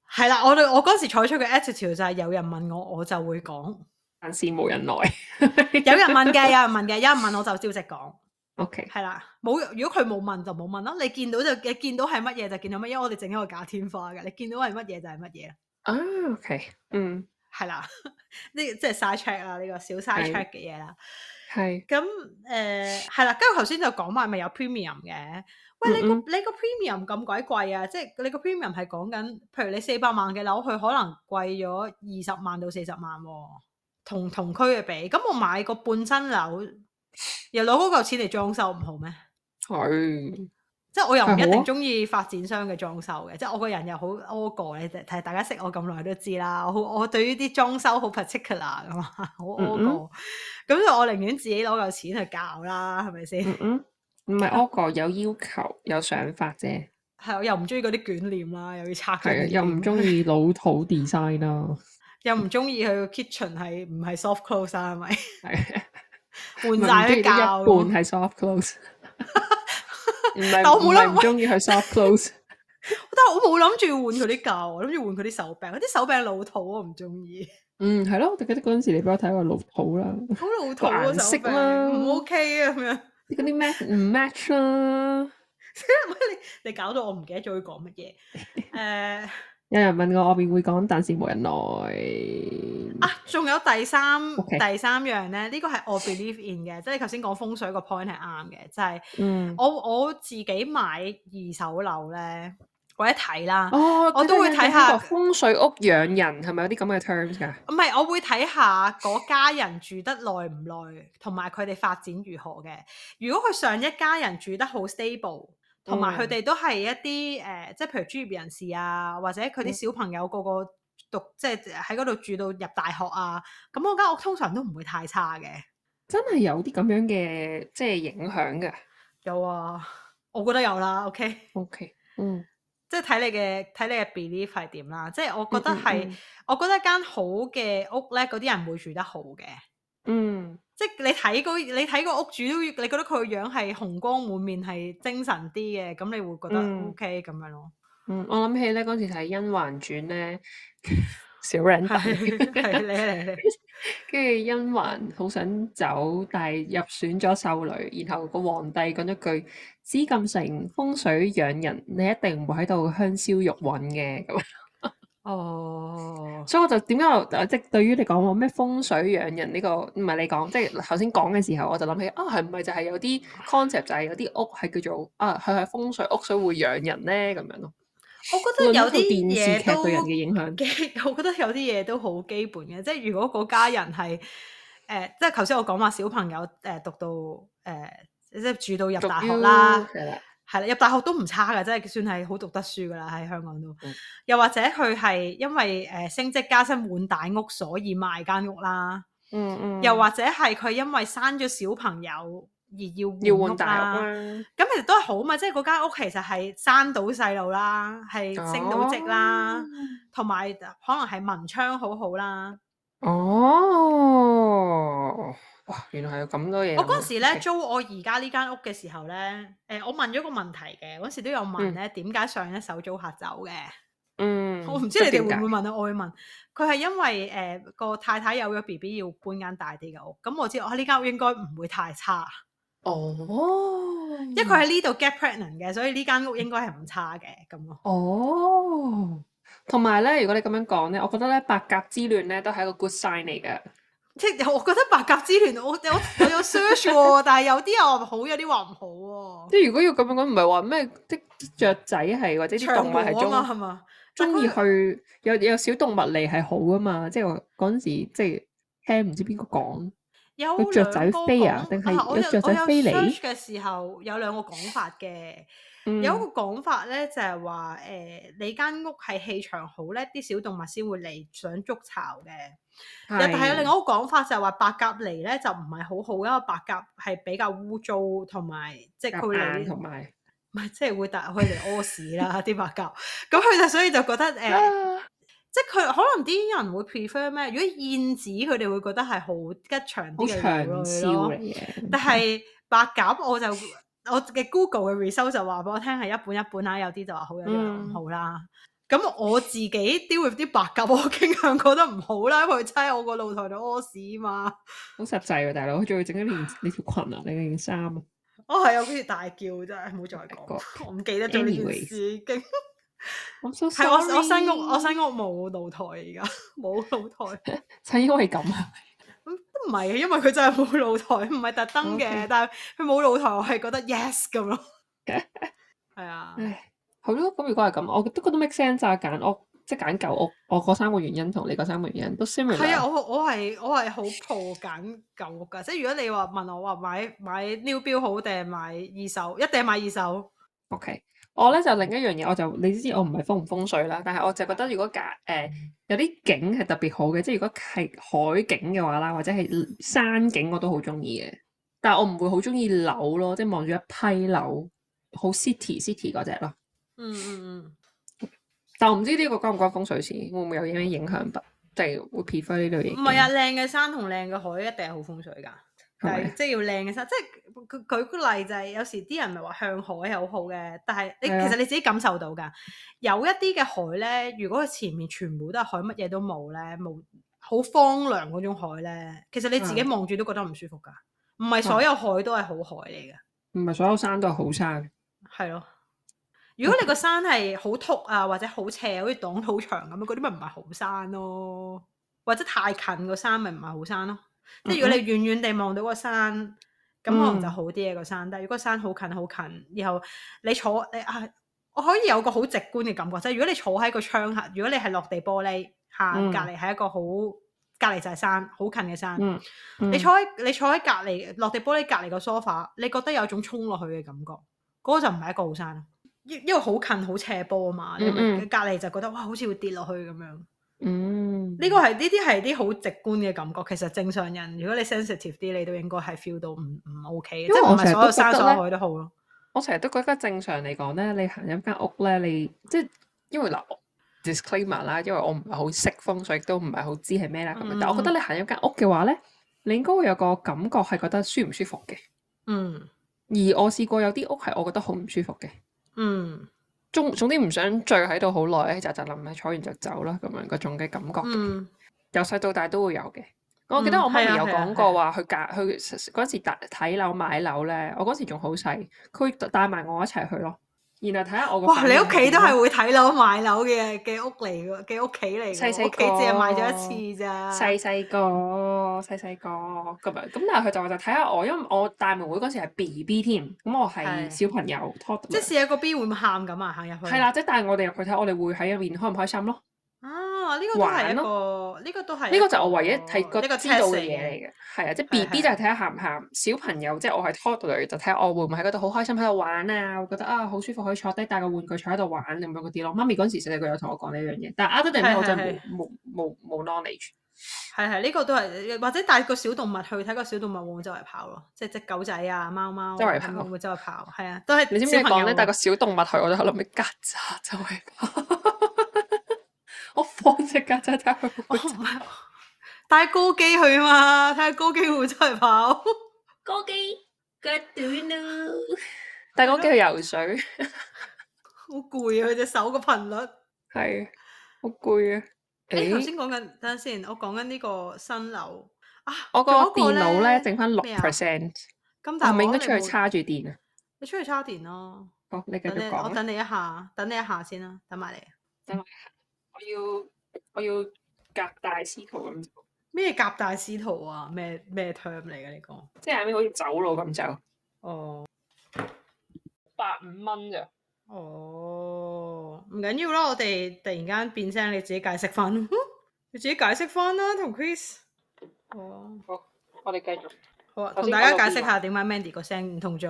係啦，我對我嗰時採取嘅 attitude 就係有人問我，我就會講。但係冇人來 有人，有人問嘅有人問嘅，有人問我就照直講。OK，係啦，冇如果佢冇問就冇問咯。你見到就你見到，係乜嘢就見到乜，因為我哋整一個假天花嘅，你見到係乜嘢就係乜嘢。啊、oh，OK，嗯、mm，係啦，呢即係 side check 啊，呢個小 side check 嘅嘢啦。係咁誒，係啦，咁頭先就講話咪有 premium 嘅，喂，嗯嗯你個你個 premium 咁鬼貴啊！即係你個 premium 係講緊，譬如你四百萬嘅樓，佢可能貴咗二十萬到四十萬喎，同同區嘅比，咁我買個半新樓，又攞嗰嚿錢嚟裝修唔好咩？係。即係我又唔一定中意發展商嘅裝修嘅、啊，即係我個人又好 o 阿個咧，睇大家識我咁耐都知啦。我我對於啲裝修好 particular 咁啊，好阿個，咁、嗯嗯、我寧願自己攞嚿錢去教啦，係咪先？唔係阿個 有要求有想法啫。係我、啊、又唔中意嗰啲捲簾啦、啊，又要拆佢。係、啊、又唔中意老土 design 咯，又唔中意佢 kitchen 係唔係 soft close 啊？係 咪、啊？係、啊、 換曬啲教，換 係 soft close。唔係我冇諗中意佢 soft close，但係我冇諗住換佢啲舊，諗住換佢啲手柄，啲手柄老土我唔中意。嗯，係咯，我記得嗰陣時你幫我睇過老土啦，好老土啊，色啦、啊、唔 OK 啊，咁樣嗰啲 match 唔 match 啦，你 match, match、啊、 你，你搞到我唔記得咗要講乜嘢，誒、uh,。有人問我，我便會講，但是無人來。啊，仲有第三、okay. 第三樣咧，呢、這個係我 believe in 嘅，即係頭先講風水個 point 係啱嘅，即、就、係、是、我、嗯、我，我自己買二手樓咧，我一睇啦，哦、我都會睇下個風水屋養人係咪有啲咁嘅 terms 㗎？唔係，我會睇下嗰家人住得耐唔耐，同埋佢哋發展如何嘅。如果佢上一家人住得好 stable。同埋佢哋都係一啲誒，即、嗯、係、呃、譬如專業人士啊，或者佢啲小朋友個個，個讀，嗯、即係喺嗰度住到入大學啊，咁嗰間屋通常都唔會太差嘅。真係有啲咁樣嘅即係影響嘅。有啊，我覺得有啦。O K，O K，嗯，即係睇你嘅睇你嘅 belief 係點啦。即係我覺得係、嗯嗯嗯，我覺得一間好嘅屋咧，嗰啲人會住得好嘅。嗯。即係你睇嗰，你睇個屋主，你覺得佢個樣係紅光滿面，係精神啲嘅，咁你會覺得 O K 咁樣咯，嗯。嗯，我諗起咧嗰時睇《甄嬛傳》咧，小人仔跟住甄嬛好想走，但係入選咗秀女，然後個皇帝講咗句：紫禁城風水養人，你一定唔會喺度香消玉殞嘅咁。 哦、oh，所以我就點解，即、就、係、是、對於你講話咩風水養人呢？這個，唔係你講，即係頭先講嘅時候，我就諗起，啊係唔係就係有啲 concept 就係、是、有啲屋係叫做啊，佢係風水屋水，水會養人咧咁樣咯。我覺得有啲電視劇對人嘅影響，我覺得有啲嘢都好基本嘅，即係如果嗰家人係誒、呃，即係頭先我講話小朋友誒、呃、讀到誒、呃，即係住到入大學啦。係啦，入大學都唔差噶，真係算係好讀得書噶啦，喺香港都、嗯。又或者佢係因為誒升職加薪換大屋，所以賣間屋啦。嗯嗯。又或者係佢因為生咗小朋友而要換大屋啦、啊。咁、啊、其實都係好嘛，即係嗰間屋其實係生到細路啦，係升到職啦，同、哦、埋可能係文昌好好啦。哦。哇，原來係有咁多嘢！我嗰時咧、okay. 租我而家呢間屋嘅時候咧，誒、呃，我問咗個問題嘅，嗰時都有問咧，點解上一手租客走嘅？嗯，我唔知你哋會唔會問啊？我會問，佢係因為誒、呃、個太太有咗 B B 要搬間大啲嘅屋，咁我知我喺呢間屋應該唔會太差。哦、oh.，因為佢喺呢度 get pregnant 嘅，所以呢間屋應該係唔差嘅咁咯。哦，同埋咧，如果你咁樣講咧，我覺得咧八甲之亂咧都係一個 good sign 嚟嘅。即係我覺得白鴿之聯，我有我、啊、 有 search 喎，但係有啲人話好，有啲話唔好喎、啊。即係如果要咁樣講，唔係話咩即雀仔係或者啲動物係中意去有有小動物嚟係好啊嘛！即係嗰陣時即係聽唔知邊個講有雀仔飛啊，定、啊、係有雀仔飛嚟，嘅時候有兩個講法嘅。 嗯、有一個講法咧，就係話誒，你間屋係氣場好咧，啲小動物先會嚟想築巢嘅。係，但係另外一個講法就係話白鴿嚟咧就唔係好好，因為白鴿係比較污糟同埋，即係佢嚟同埋，唔係即係會突去嚟屙屎啦啲 白鴿。咁佢就所以就覺得誒，欸、 即係佢可能啲人會 prefer 咩？如果燕子佢哋會覺得係好吉祥啲嘅，但係白鴿我就。 我嘅 Google 嘅 research 就話俾我聽係一半一半吓，有啲就話好，有啲就唔好啦。咁、嗯、我自己丟入啲白鴿，我傾向覺得唔好啦，因為佢踎喺我個露台度屙屎嘛。好濕滯喎，大佬，佢仲要整一件呢條裙啊，呢件衫啊。哦，係啊，好似大叫真係冇再講、 anyway, so，我唔記得咗呢件事已經。係，我我新屋我新屋冇露台，而家冇露台，係 因為咁啊。唔係，因為佢真係冇露台，唔係特登嘅。Okay. 但係佢冇露台，我係覺得 yes 咁咯。係 啊是的， 好咯。咁如果係咁，我都覺得 make sense。我揀即係揀舊屋。我嗰三個原因同你嗰三個原因都 similar 係啊，我我係我係好破揀舊屋嘅。即係如果你話問我話買買 new build 好定係買二手，一定係買二手。OK。我咧，就另一樣嘢，我就你知，知我唔係風唔風水啦，但係我就覺得如果隔，誒、呃、有啲景係特別好嘅，即係如果係海景嘅話啦，或者係山景，我都好中意嘅。但係我唔會好中意樓咯，即係望住一批樓，好 city city 嗰隻咯。嗯嗯。嗯，但我唔知呢個關唔關風水事，會唔會有啲咩影響不？即係會 prefer 呢類嘢。唔係啊，靚嘅山同靚嘅海一定係好風水噶。即係、就是、要靚嘅山，即、就、係、是、舉舉個例子就係、是、有時啲人咪話向海係好好嘅，但係你是其實你自己感受到噶，有一啲嘅海咧，如果前面全部都係海，乜嘢都冇咧，冇好荒涼嗰種海咧，其實你自己望住都覺得唔舒服噶，唔係所有海都係好海嚟嘅，唔、啊、係所有山都係好山，係咯、嗯。如果你個山係好突啊，或者好斜，好似擋土牆咁樣，嗰啲咪唔係好山咯，或者太近個山咪唔係好山咯。即係如果你遠遠地望到個山，咁、mm-hmm. 可能就好啲嘅，啊個山。但如果個山好近好近，然後你坐你啊，我可以有一個好直觀嘅感覺。即、就、係、是、如果你坐喺個窗下，如果你係落地玻璃嚇，隔離係一個好隔離就係山好近嘅山，mm-hmm. 你在。你坐喺你坐喺隔離落地玻璃隔離個 sofa，你覺得有一種衝落去嘅感覺。嗰，那個就唔係一個好山，因因為好近好斜坡啊嘛。你隔離就覺得，mm-hmm. 哇，好似會跌落去咁樣。嗯，呢、呢個係呢啲係啲好直觀嘅感覺。其實正常人，如果你 sensitive 啲，你都應該係 feel 到唔唔 OK，因為都即係唔係所有山所海都好咯。我成日都覺得正常嚟講咧，你行入間屋咧，你即係因為嗱 disclaimer 啦，因為我唔係好識風水，亦都唔係好知係咩啦。咁、嗯、但係我覺得你行入間屋嘅話咧，你應該會有個感覺係覺得舒唔舒服嘅。嗯。而我試過有啲屋係我覺得好唔舒服嘅。嗯。總總之唔想聚喺度好耐，就就諗係坐完就走啦，咁樣嗰種嘅感覺。由、嗯、細到大都會有嘅、哦。我記得我媽咪有講過話、嗯啊啊啊，去隔去嗰時睇樓買樓咧，我嗰時仲好細，佢帶埋我一齊去咯。然後睇下我個。哇！你屋企都係、嗯、屋企都係會睇樓買樓嘅嘅屋嚟嘅，嘅屋企嚟嘅。細細個屋企只係買咗一次咋。細細個。細細個咁樣，咁但係佢就話就睇下我，因為我大門會嗰時係 BB 添，咁我係小朋友 talk，是。即試下個 B 會唔喊咁啊？行入去。係啦，即、就係、帶我哋入去睇，我哋會喺入面開唔開心咯。哦這個、玩咯、哦，呢、這個都係呢個就我唯一係個知道嘅嘢嚟嘅，係、這、啊、個，即係 B B 就係睇下行唔行，小朋友即係我係 toddler 就睇下我會唔會喺嗰度好開心喺度玩啊，我覺得啊好舒服可以坐低帶個玩具坐喺度玩咁樣嗰啲咯。媽咪嗰陣時細細個有同我講呢樣嘢，但係 adult 呢我就冇冇冇冇 knowledge 係係，呢、這個都係或者帶個小動物去睇個小動物會唔會周圍跑咯，即係隻狗仔啊、貓貓，周圍跑，會唔會周圍跑？係啊，都係。你知唔知我講咧帶個小動物去，我就諗起曱甴周圍跑。 我放隻架車仔去跑，帶、哦、高基去嘛？睇下高基會出去跑？高基腳短咯帶高基去游水，好攰 啊！佢隻手個頻率係，好攰啊！欸、你頭先講緊，等陣先，我講緊呢個新樓啊！我個電腦咧剩翻六 percent，咁但係咪唔應該出去叉住電啊？你出去叉電咯，好、哦，你繼續講，我等你一下，等你一下先啦，等埋你,你,你，等埋。等我要我要夾大司徒咁做咩？夾大司徒啊？咩咩 term 嚟嘅呢個？即係咪好似走佬咁走哦，八五蚊咋？哦，唔緊要啦，我哋突然間變聲，你自己解釋翻， 你自己解釋翻啦，同 Chris。哦，好，我哋繼續。好啊，同大家解釋下點解 Mandy 個聲唔同咗？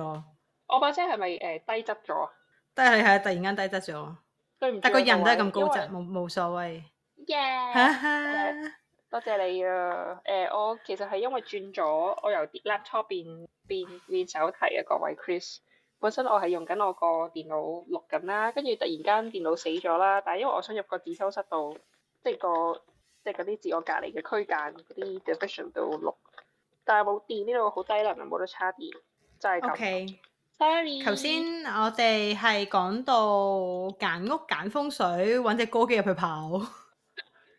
我把聲係咪誒低質咗啊？低係係突然間低質咗。對，但個人都係咁高質，冇冇所謂。y、yeah, 多謝你啊！誒、欸，我其實係因為轉咗，我由 laptop 變變變手提啊，各位 Chris。本身我係用緊我個電腦錄緊啦，跟住突然間電腦死咗啦。但係因為我想入個自修室度，即、就、係、係嗰個即係嗰啲自我隔離嘅區間嗰啲 discussion 度錄，但係冇電呢度好低能，冇得叉電，就係、係、咁。Okay. 頭先我哋係講到揀屋揀風水，搵隻歌機入去跑，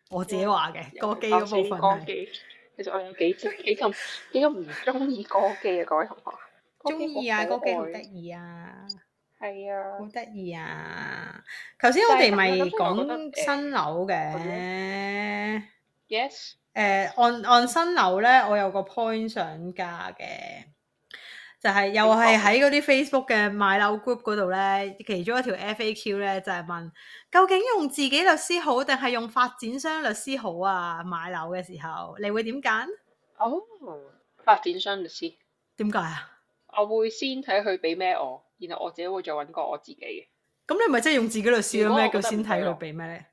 我自己話嘅。歌機嗰部分係。其實我有幾幾咁幾咁唔中意歌機啊，各位同學。中意啊，歌機好得意啊。係啊。好得意啊！頭先我哋咪講新樓嘅。Yes。誒，按按新樓咧，我有個 point 想加嘅。就係又係喺嗰啲 Facebook 嘅買樓 group 嗰度咧，其中一條 FAQ 咧就係問：究竟用自己律師好定係用發展商律師好啊？買樓嘅時候，你會點揀？哦，發展商律師點解啊？我會先睇佢俾咩我，然後我自己會再揾個我自己嘅。咁你咪真係用自己律師咯？咩叫先睇佢俾咩咧？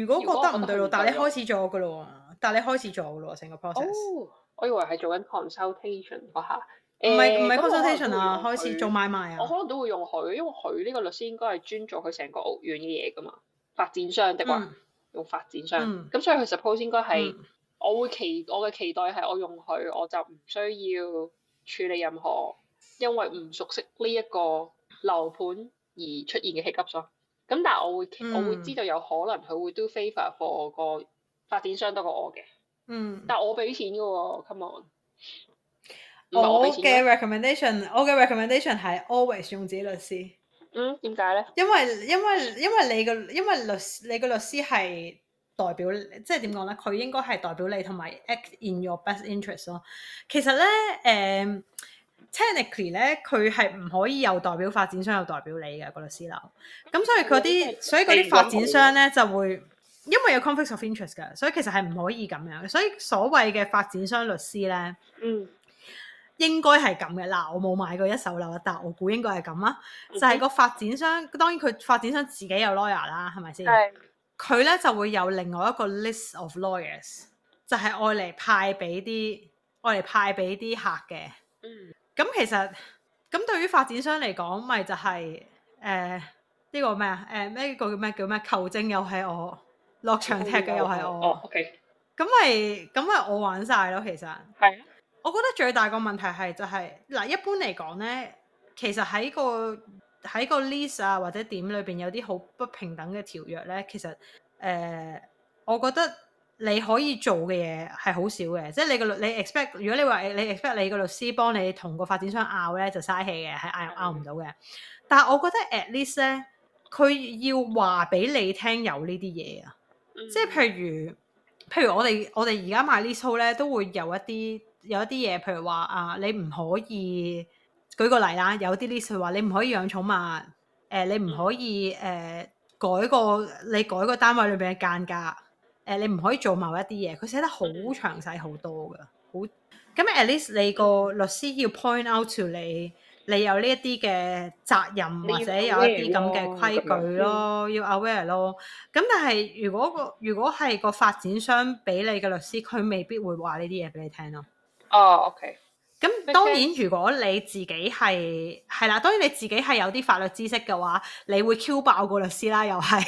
如果覺得唔對路，但你開始做個咯，但你開始做個咯，成個 process。哦，我以為係做緊 consultation 嗰下。唔係唔係 consultation 啊，開始做買賣啊，我可能都會用佢，因為佢呢個律師應該係專做佢成個屋苑嘅嘢噶嘛，發展商的話、嗯、用發展商，咁、嗯、所以佢 suppose 應該係、嗯、我會期我嘅期待係我用佢我就唔需要處理任何因為唔熟悉呢一個樓盤而出現嘅 hiccups，咁但係我會、嗯、我會知道有可能佢會 do favor for 我個發展商多過我嘅，嗯，但係我俾錢嘅喎、哦，come on。我嘅 recommendation，我嘅 recommendation 係 always 用自己律師。嗯，點解咧？因為因為因為你個因為律師你個律師係代表，即係點講咧？佢應該係代表你同埋 act in your best interest 咯。其實咧，誒、呃、，technically 咧，佢係唔可以又代表發展商又代表你嘅、個律師樓。咁所以嗰啲、嗯，所以嗰啲發展商咧就會因為有 conflicts of interest 嘅，所以其實係唔可以咁樣。所以所謂嘅發展商律師咧，嗯。應該係咁嘅嗱，我冇買過一手樓，但我估應該係咁啊，就係、是、個發展商，當然佢發展商自己有 lawyer 啦，係咪先？係。佢咧就會有另外一個 list of lawyers，就係愛嚟派俾啲愛嚟派俾啲客嘅。嗯。咁其實咁對於發展商嚟講，咪就係誒呢個咩啊？誒、呃、咩一個叫咩叫咩球證又係我，落場踢嘅又係我。哦，OK 咁咪咁咪我玩晒咯，其實。係啊。我覺得最大個問題係就係、是、嗱，一般嚟講咧，其實喺個喺個 lease 啊或者點裏邊有啲好不平等嘅條約咧，其實誒、呃，我覺得你可以做嘅嘢係好少嘅，即係你個你 expect，如果你話你 expect 你個律師幫你同個發展商拗咧，就嘥氣嘅，係拗拗唔到嘅。但係我覺得 at least 咧，佢要話俾你聽有呢啲嘢啊，即係譬如譬如我哋我哋而家買 leasehold 咧，都會有一啲。有一啲嘢，譬如話啊，你唔可以舉個例啦。有啲 list 話你唔可以養寵物，誒、啊、你唔可以誒、啊、改個你改個單位裏邊嘅間隔，誒、啊、你唔可以做某一啲嘢。佢寫得好詳細好多㗎，好咁。at least 你個律師要 point out to 你，你這些，你有呢一啲嘅責任或者有一啲咁嘅規矩咯要要、嗯，要 aware 咯。咁但係如果個如果係個發展商俾你嘅律師，佢未必會話呢啲嘢俾你聽咯、啊。哦、oh，OK。咁當然如果你自己係係、okay. 啦，當然你自己係有啲法律知識嘅話，你會 Q 爆個律師啦，又係。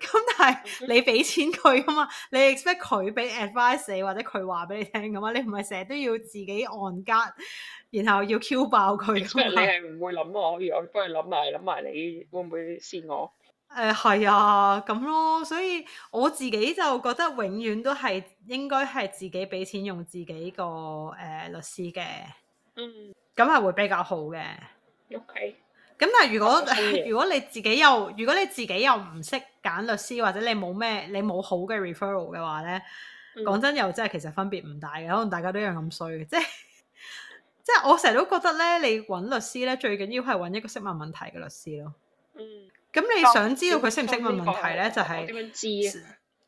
咁 但係你俾錢佢噶嘛，你 expect 佢俾 advice 你或者佢話俾你聽噶嘛，你唔係成日都要自己 on guard，然後要 Q 爆佢噶嘛，你係唔會諗我，可我幫你諗埋，諗埋你會唔會蝕我？誒、嗯、係啊，咁咯，所以我自己就覺得永遠都係應該係自己俾錢用自己個誒、呃、律師嘅，嗯，咁係會比較好嘅。ok。咁但係如果、okay. 如果你自己又如果你自己又唔識揀律師或者你冇咩你冇好嘅 referral 嘅話咧，講、嗯、真又真係其實分別唔大嘅，可能大家都一樣咁衰嘅，即係即係我成日都覺得咧，你揾律師咧最緊要係揾一個識問問題嘅律師咯，嗯。咁你想知道佢識唔識問問題咧，就係點樣知？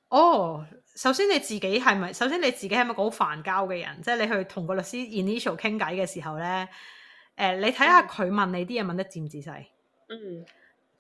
哦，首先你自己係咪？首先你自己係咪個好煩交嘅人？即、就、係、是、你去同個律師 initial 傾偈嘅時候咧、呃，你睇下佢問你啲嘢、嗯、問得仔唔仔細？嗯，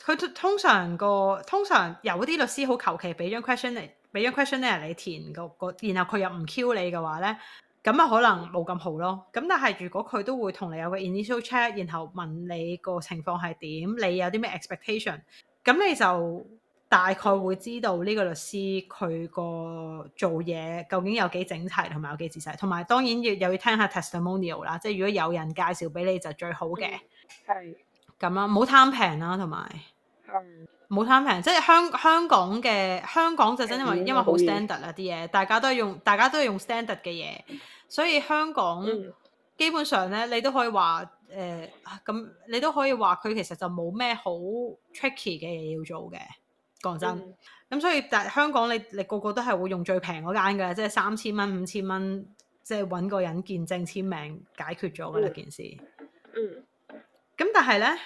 佢通常個通常有啲律師好求其俾張 question 嚟，俾張 question 咧你填、個個然後佢又唔 cue 你嘅話咧。咁啊，可能冇咁好咯。咁但係如果佢都會同你有個 initial check，然後問你個情況係點，你有啲咩 expectation，咁你就大概會知道呢個律師佢個做嘢究竟有幾整齊同埋有幾仔細，同埋當然要又要聽下 testimonial 啦。即係如果有人介紹俾你就是、最好嘅。係、嗯。咁啊，唔好貪平啦，同埋。冇貪平，即係香香港嘅香港就真，因為、嗯、因為、啊、好 standard 啦啲嘢，大家都係用，大家都係用 standard 嘅嘢，所以香港、嗯、基本上咧，你都可以話誒，咁、呃、你都可以話佢其實就冇咩好 tricky 嘅嘢要做嘅，講真，咁、嗯、所以但係香港你你個個都係會用最平嗰間嘅，即係三千蚊五千蚊，即係搵個人見證簽名解決咗嗰一件事，嗯，咁但係咧。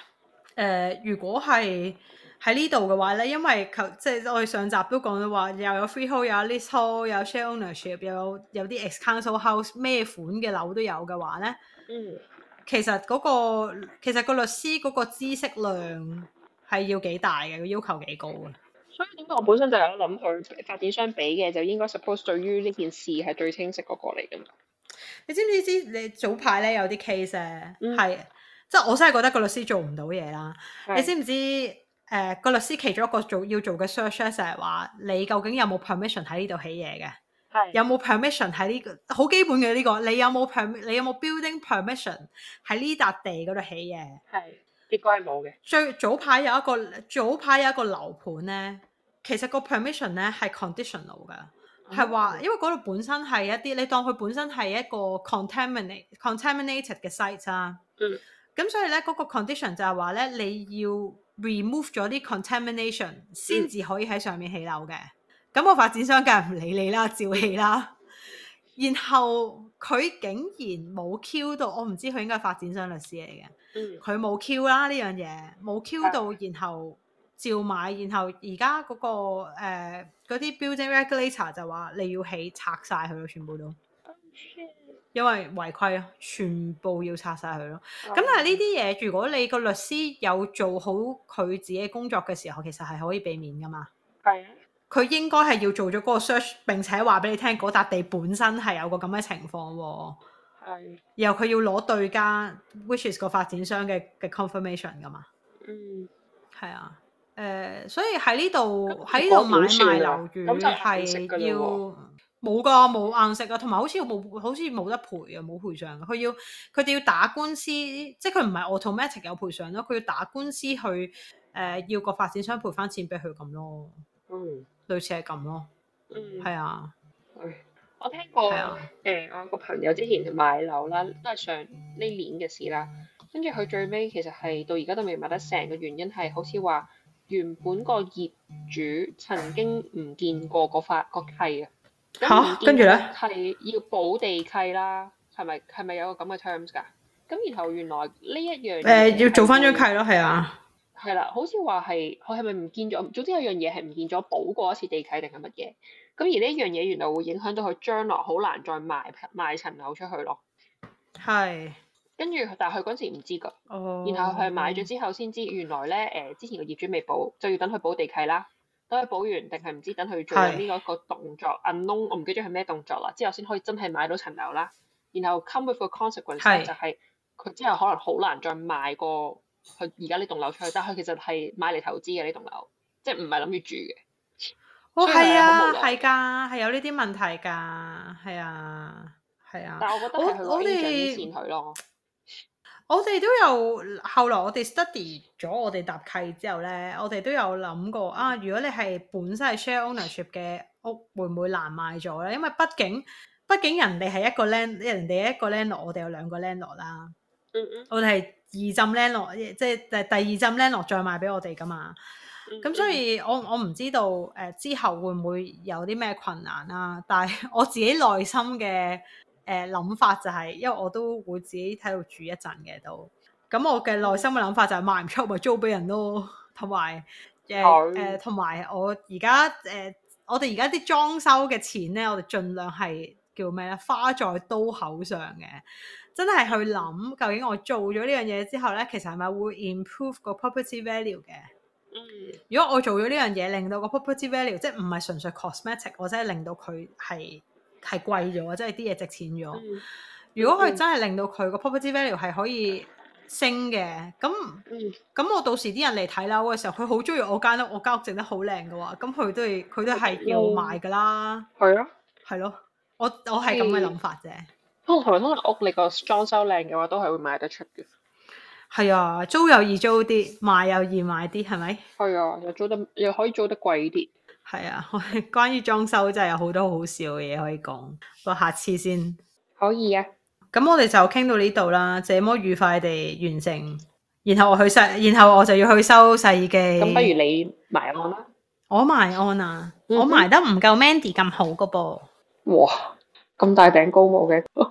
呃、如果係喺呢度嘅話咧，因為求即係我哋上集都講咗話，又有 freehold，有 leasehold，有 share ownership，又有有啲 e x c o u c i l house，咩款嘅樓都有嘅話咧，嗯，其實嗰、嗰個其實嗰個律師嗰個知識量係要幾大嘅，個要求幾高嘅。所以點解我本身就有諗佢發展商俾嘅，就應該 suppose 對於呢件事係最清晰嗰個嚟㗎嘛？你知唔知？知你早排咧有啲 case 啊，係、嗯。即係我真係覺得個律師做唔到嘢啦。你知唔知誒個、呃、律師其中一個做要做嘅 search 咧，就係話你究竟有冇 permission 喺呢度起嘢嘅？係有冇 permission 喺呢、呢個好基本嘅呢、呢個？你有冇 perm？你有冇 building permission 喺呢笪地嗰度起嘢？係應該係冇嘅。最早排有一個早排有一個樓盤咧，其實個 permission 咧係 conditional 㗎，係、嗯、話因為嗰度本身係一啲你當佢本身係一個 contaminated contaminated 嘅 site 啦。嗯。咁所以咧，嗰、那個 condition 就係話咧，你要 remove 咗啲 contamination 先至可以喺上面起樓嘅。咁、嗯那個發展商梗係唔理你啦，照起啦、嗯。然後佢竟然冇 Q 到，我唔知佢應該係發展商律師嚟嘅，佢、嗯、冇 Q 啦呢樣嘢，冇 Q 到、嗯，然後照買，然後而家嗰個嗰啲、呃、building regulator 就話你要起拆晒佢咯，全部都。因為違規，全部要拆晒佢咯。咁、嗯、但係呢啲嘢，如果你個律師有做好佢自己工作嘅時候，其實係可以避免噶嘛。係。佢應該係要做咗嗰個 search，並且話俾你聽，嗰笪地本身係有個咁嘅情況喎、啊。然後佢要攞對家 which is 個發展商嘅嘅 confirmation 噶、嗯、嘛、呃。嗯。係啊，誒，所以喺呢度喺呢度買賣樓宇，咁就係要。冇噶，冇硬食啊，同埋好似冇，好似冇得賠啊，冇賠償啊。佢要佢哋要打官司，即係佢唔係 automatic 有賠償咯，佢要打官司去誒、呃，要個發展商賠翻錢俾佢咁咯。嗯，類似係咁咯。嗯，係啊。我聽我誒、啊呃，我個朋友之前買樓啦，都係上呢年嘅事啦。跟住佢最尾其實係到而家都未買得成嘅原因係，好似話原本個業主曾經唔見過個發、嗰個契啊。嚇，跟住咧係要補地契啦，係咪係咪有個咁嘅 terms 㗎？咁然後原來呢一樣誒要做翻張契咯，係啊，係啦，好似話係佢係咪唔見咗？總之有樣嘢係唔見咗，補過一次地契定係乜嘢？咁而呢一樣嘢原來會影響到佢將來好難再賣賣層樓出去咯。係，跟住但係佢嗰陣時唔知㗎，oh. 然後佢買咗之後先知原來咧誒、呃、之前個業主未補，就要等佢補地契啦。等佢補完，定係唔知道等佢做呢個一個動作是 unknown, 我不是什麼動作 u 我唔記得係咩動作啦，之後先可以真係買到層樓啦。然後 come with 個 consequence 是就係、是、佢之後可能好難再賣過佢而家呢棟樓出去，但佢其實係買嚟投資嘅呢棟樓，即係唔係諗住住嘅。哦，係啊，係㗎，係有呢啲問題㗎，係啊，係啊。但我覺得係可以賺錢佢咯。我哋都有後來，我哋 study 咗我哋搭契之後呢，我哋都有諗過啊。如果你係本身係 share ownership 嘅屋，會唔會難賣咗咧？因為畢竟，畢竟人哋係一個 land，人哋一個 landlord 我哋有兩個 landlord 啦、mm-hmm.。我哋係二浸 landlord 即係第二浸 landlord 再賣俾我哋噶嘛。咁所以我我唔知道誒、呃、之後會唔會有啲咩困難啊，但係我自己內心嘅。誒、呃、諗法就係、是，因為我都會自己喺度住一陣嘅都。咁我嘅內心嘅諗法就係賣唔出咪租俾人咯，同埋誒誒，同、呃、埋、呃、我而家誒，我哋而家啲裝修嘅錢咧，我哋盡量係叫咩咧，花在刀口上嘅。真係去諗究竟我做咗呢樣嘢之後咧，其實係咪會 improve 個 property value 嘅？嗯。如果我做咗呢樣嘢，令到個 property value 即係唔係純粹 cosmetic，我真係令到佢係。係貴咗，即係啲嘢值錢咗、嗯嗯。如果佢真係令到佢個 property value 係可以升嘅，咁、嗯、咁我到時啲人嚟睇樓嘅時候，佢好中意我間屋，我間屋整得好靚嘅話，咁佢都，都係要佢都係要賣噶啦。係、嗯嗯、啊，係咯、啊，我我係咁嘅諗法啫。不、嗯、過，通常屋你個裝修靚嘅話，都係會賣得出嘅。係啊，租又易租啲，賣又易賣啲，係咪？係啊，又租得又可以租得貴啲。係啊，關於裝修真係有好多好笑嘅嘢可以講，咁下次先可以啊。咁我哋就傾到呢度啦，這麼愉快地完成，然後我去收，然後我就要去收世紀，咁不如你埋案啦，我埋案啊、嗯，我埋得唔夠 Mandy 咁好噶噃，哇，咁大頂高帽嘅。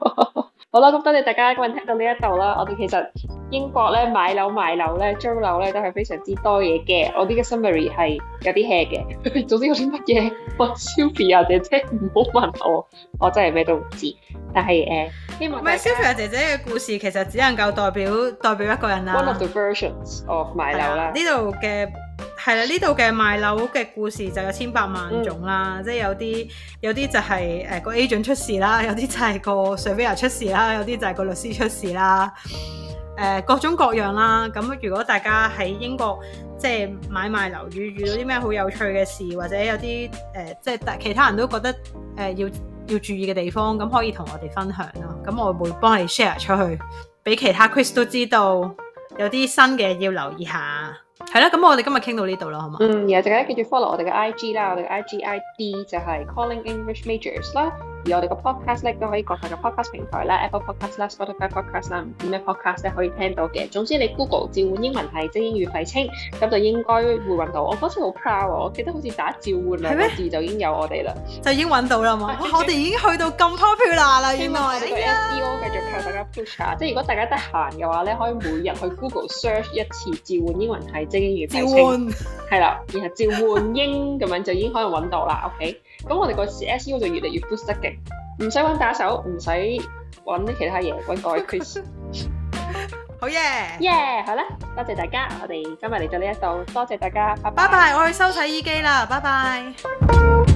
好啦，咁多謝大家今日聽到呢一度啦。我哋其實英國咧買樓、買樓咧、租樓咧都係非常之多嘢嘅。我哋嘅 summary 係有啲 hea 嘅，總之有啲乜嘢，我 Sophia 姐姐唔好問我，我真係咩都唔知。但係誒，希望唔係 Sophia 姐姐嘅故事，其實只能夠代表代表一個人啦。One of the versions of 買樓啦，呢度嘅。係啦，呢度嘅賣樓嘅故事就有千百萬種啦，嗯、即係有啲有啲就係、是、誒、呃、個 agent 出事啦，有啲就係個 surveyor 出事啦，有啲就係個律師出事啦，誒、呃、各種各樣啦。咁如果大家喺英國即係買賣樓宇遇到啲咩好有趣嘅事，或者有啲誒、呃、即係其他人都覺得誒、呃、要要注意嘅地方，咁可以同我哋分享啦。咁我會幫你 share 出去，俾其他 Chris 都知道，有啲新嘅要留意一下。係啦，咁我哋今日傾到呢度啦，好嘛？嗯，然後大家記住 follow 我哋嘅 IG 啦，我哋嘅 IG ID 就係 Calling English Majors 啦。而我哋個 podcast 咧都可以各大嘅 podcast 平台啦，Apple Podcast 啦、Spotify Podcast 啦，唔知咩 podcast 咧可以聽到嘅。總之你 Google 召喚英文係即英語費稱，咁就應該會揾到。我嗰次好 proud 我記得好似打召喚兩個字就已經有我哋啦，就已經揾到啦嘛。 我哋已經去到咁 popular 啦，原來。SEO 繼、哎、續靠大家 push 下，即係如果大家得閒嘅話咧，可以每日去 Google search 一次召喚英文係。正如係啦，然後召喚英咁樣就已經可能揾到啦。OK，咁我哋個 S S U 就越嚟越 boost 嘅，唔使揾打手，唔使揾啲其他嘢，揾個 Chris。好耶！耶，好啦，多謝大家，我哋今日嚟到呢一度，多謝大家。拜拜，我去收洗衣機啦，拜拜。